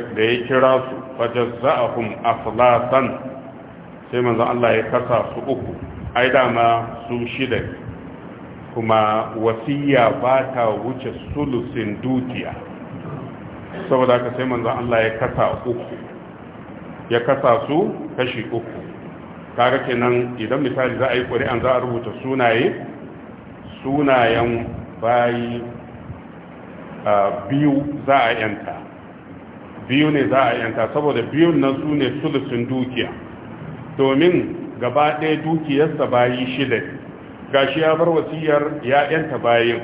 kira su fajazza'ahum aflasan sai manzon Allah ya kasa su uku ai dama su shida kuma wasiya ba ta wuce sulusin dukiya saboda haka sai manzon Allah ya kasa uku ya kasa su kashi uku kaga kenan idan misali za a yi ƙuri'an za a rubuta sunaye sunayen bayi biyu za a yanta biyu ne za a yanta saboda biyun nan su ne sulusun dukiya domin gaba ɗaya dukiyarsa bayi shida shi ya bar wasiyar ya yanta bayin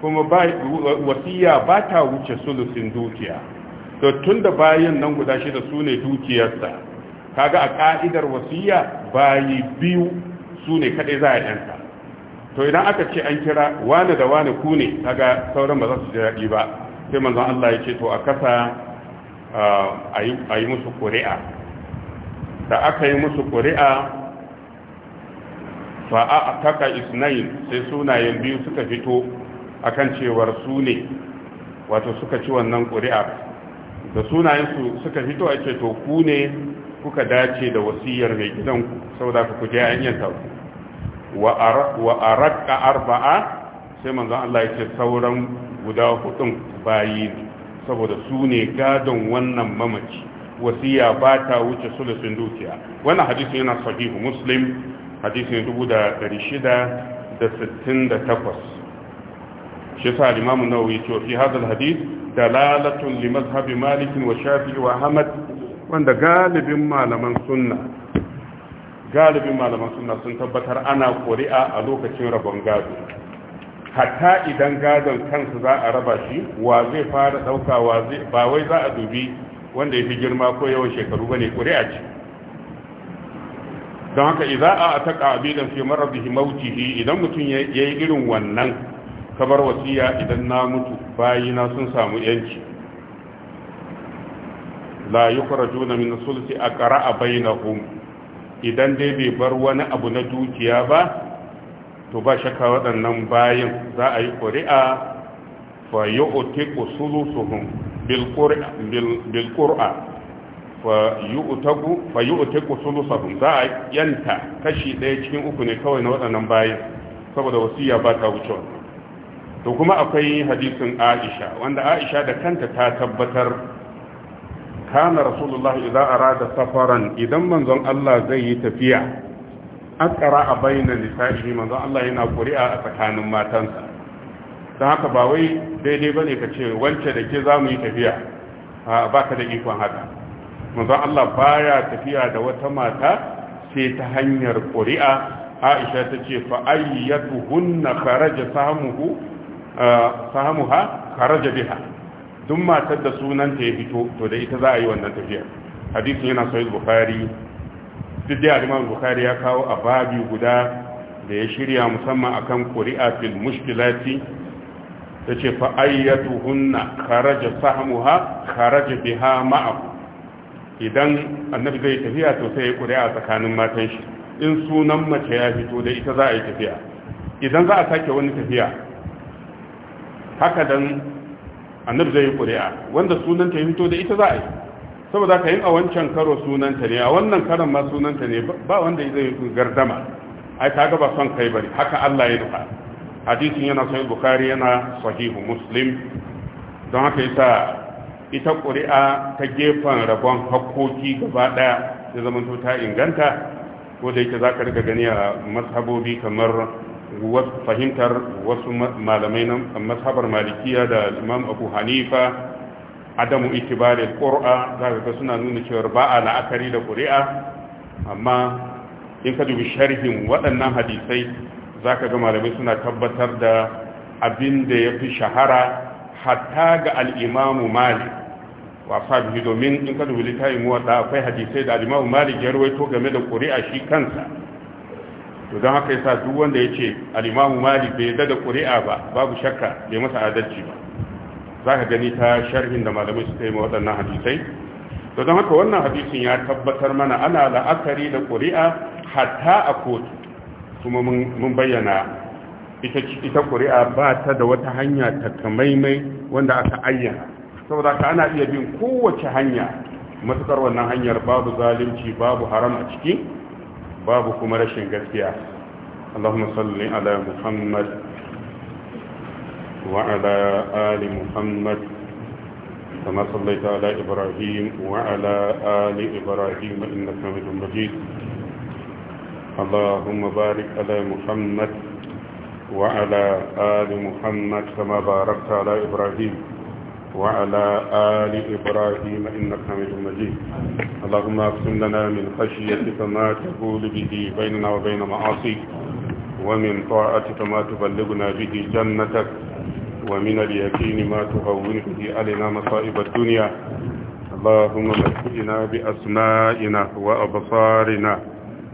kuma wasiya ba ta wuce sulusun dukiya to da bayan nan guda shida su ne dukiyarsa kaga a ka'idar wasiya bayi biyu su ne kadai za a yanka to idan aka ce an kira wani da wani ku ne kaga sauran ba za su ji daɗi ba sai manzon Allah ya ce to a kasa a yi musu ƙuri'a da aka yi musu ƙuri'a fa'a a taka isna'in sai sunayen biyu suka fito akan cewar su ne wato suka ci wannan ƙuri'a da sunayensu suka fito ake to ku ne kuka dace da wasiyar mai gidan saboda ku kuje a yanta wa arba'a sai manzon Allah ya sauran guda hudun bayi saboda su ne gadon wannan mamaci wasiya ba ta wuce sulusun dukiya wannan hadisi yana sahih muslim da 668 shi sa al-imam an-nawawi ya fi hadal hadith dalalatun li mazhabi Malikin wa shafi'i wa ahmad wanda galibin malaman sunna galibin malaman sunna sun tabbatar ana ƙuri'a a lokacin rabon gado hatta idan gadon kansu za a raba shi wa zai fara ɗauka ba wai za a dubi wanda ya fi girma ko yawan shekaru ba ne ƙuri'a ce don haka za a taƙa abidan fi marar maucihi idan mutum ya yi irin wannan kamar wasiya idan na mutu bayina sun samu yanci la yukhraju min sulsi aqra bainahum idan dai bai bar wani abu na dukiya ba to ba shakka waɗannan bayin za a yi ƙuri'a fa yu'ti sulusuhum bil qur'a bil qur'a fa yu'tagu fa yu'ti sulusuhum za a yanta kashi ɗaya cikin uku ne kawai na waɗannan bayin saboda wasiya ba ta wuce wannan to kuma akwai hadisin aisha wanda aisha da kanta ta tabbatar kana rasulullah idza arada safaran idan manzon Allah zai yi tafiya akara a bainan nisa'i manzon Allah yana kuri'a a tsakanin matansa don haka ba wai daidai bane ka ce wance da ke zamu yi tafiya ba baka da ikon haka manzon Allah baya tafiya da wata mata sai ta hanyar kuri'a aisha ta ce fa ayyatuhunna samu samuhu fahimuha kharaja biha duk matar da sunanta ya fito to da ita za a yi wannan tafiya hadisin yana sahih bukhari duk da imam bukhari ya kawo a babi guda da ya shirya musamman akan qur'a fil mushkilati yace fa ayyatuhunna kharaja fahimuha kharaja biha ma'ahu idan annabi zai tafiya to sai ya ƙuri'a tsakanin matan shi in sunan mace ya fito da ita za a yi tafiya idan za a sake wani tafiya haka dan annabi zai yi ƙuri'a wanda sunanta ya fito da ita za a yi saboda ka yin a wancan karo sunanta ne a wannan karon ma sunanta ne ba wanda zai yi gardama ai kaga ba son kai bari haka Allah ya nufa hadisin yana sahih bukhari yana sahihu muslim don haka yasa ita ƙuri'a ta gefen rabon hakkoki gaba ɗaya ya zama ta inganta ko da yake za ka rika gani a mashabobi kamar fahimtar wasu malamai na mashabar malikiya da imam abu hanifa adamu itibarin ƙor'a za ka suna nuna cewar ba a la'akari da ƙuri'a amma in ka dubi sharhin waɗannan hadisai za ka ga malamai suna tabbatar da abin da ya fi shahara hatta ga al'imamu malik wasa biyu domin in ka dubi littafin muwaɗa akwai hadisai da al'imamu malik ya ruwaito game da ƙuri'a shi kansa to dan haka yasa duk wanda ya ce al'imamu mali bai dada ƙuri'a ba babu shakka bai masa adalci ba za ka gani ta sharhin da malamai suka yi ma waɗannan hadisai to don haka wannan hadisin ya tabbatar mana ana la'akari da ƙuri'a hatta a kotu kuma mun bayyana ita ƙuri'a ba ta da wata hanya ta kamaimai wanda aka ayyana saboda ka ana iya bin kowace hanya matukar wannan hanyar babu zalunci babu haram a ciki babu kuma rashin gaskiya Allahumma salli ala Muhammad wa ala ali Muhammad kama sallaita ala Ibrahim wa ala ali Ibrahim innaka Hamidum Majid اللهم بارك على محمد وعلى Ali Muhammad, كما باركت على Ibrahim. وعلى آل إبراهيم إنك حميد مجيد اللهم اقسم لنا من خشيتك ما تقول به بيننا وبين معاصيك ومن طاعتك ما تبلغنا به جنتك ومن اليقين ما تهون به علينا مصائب الدنيا اللهم مكئنا بأسمائنا وأبصارنا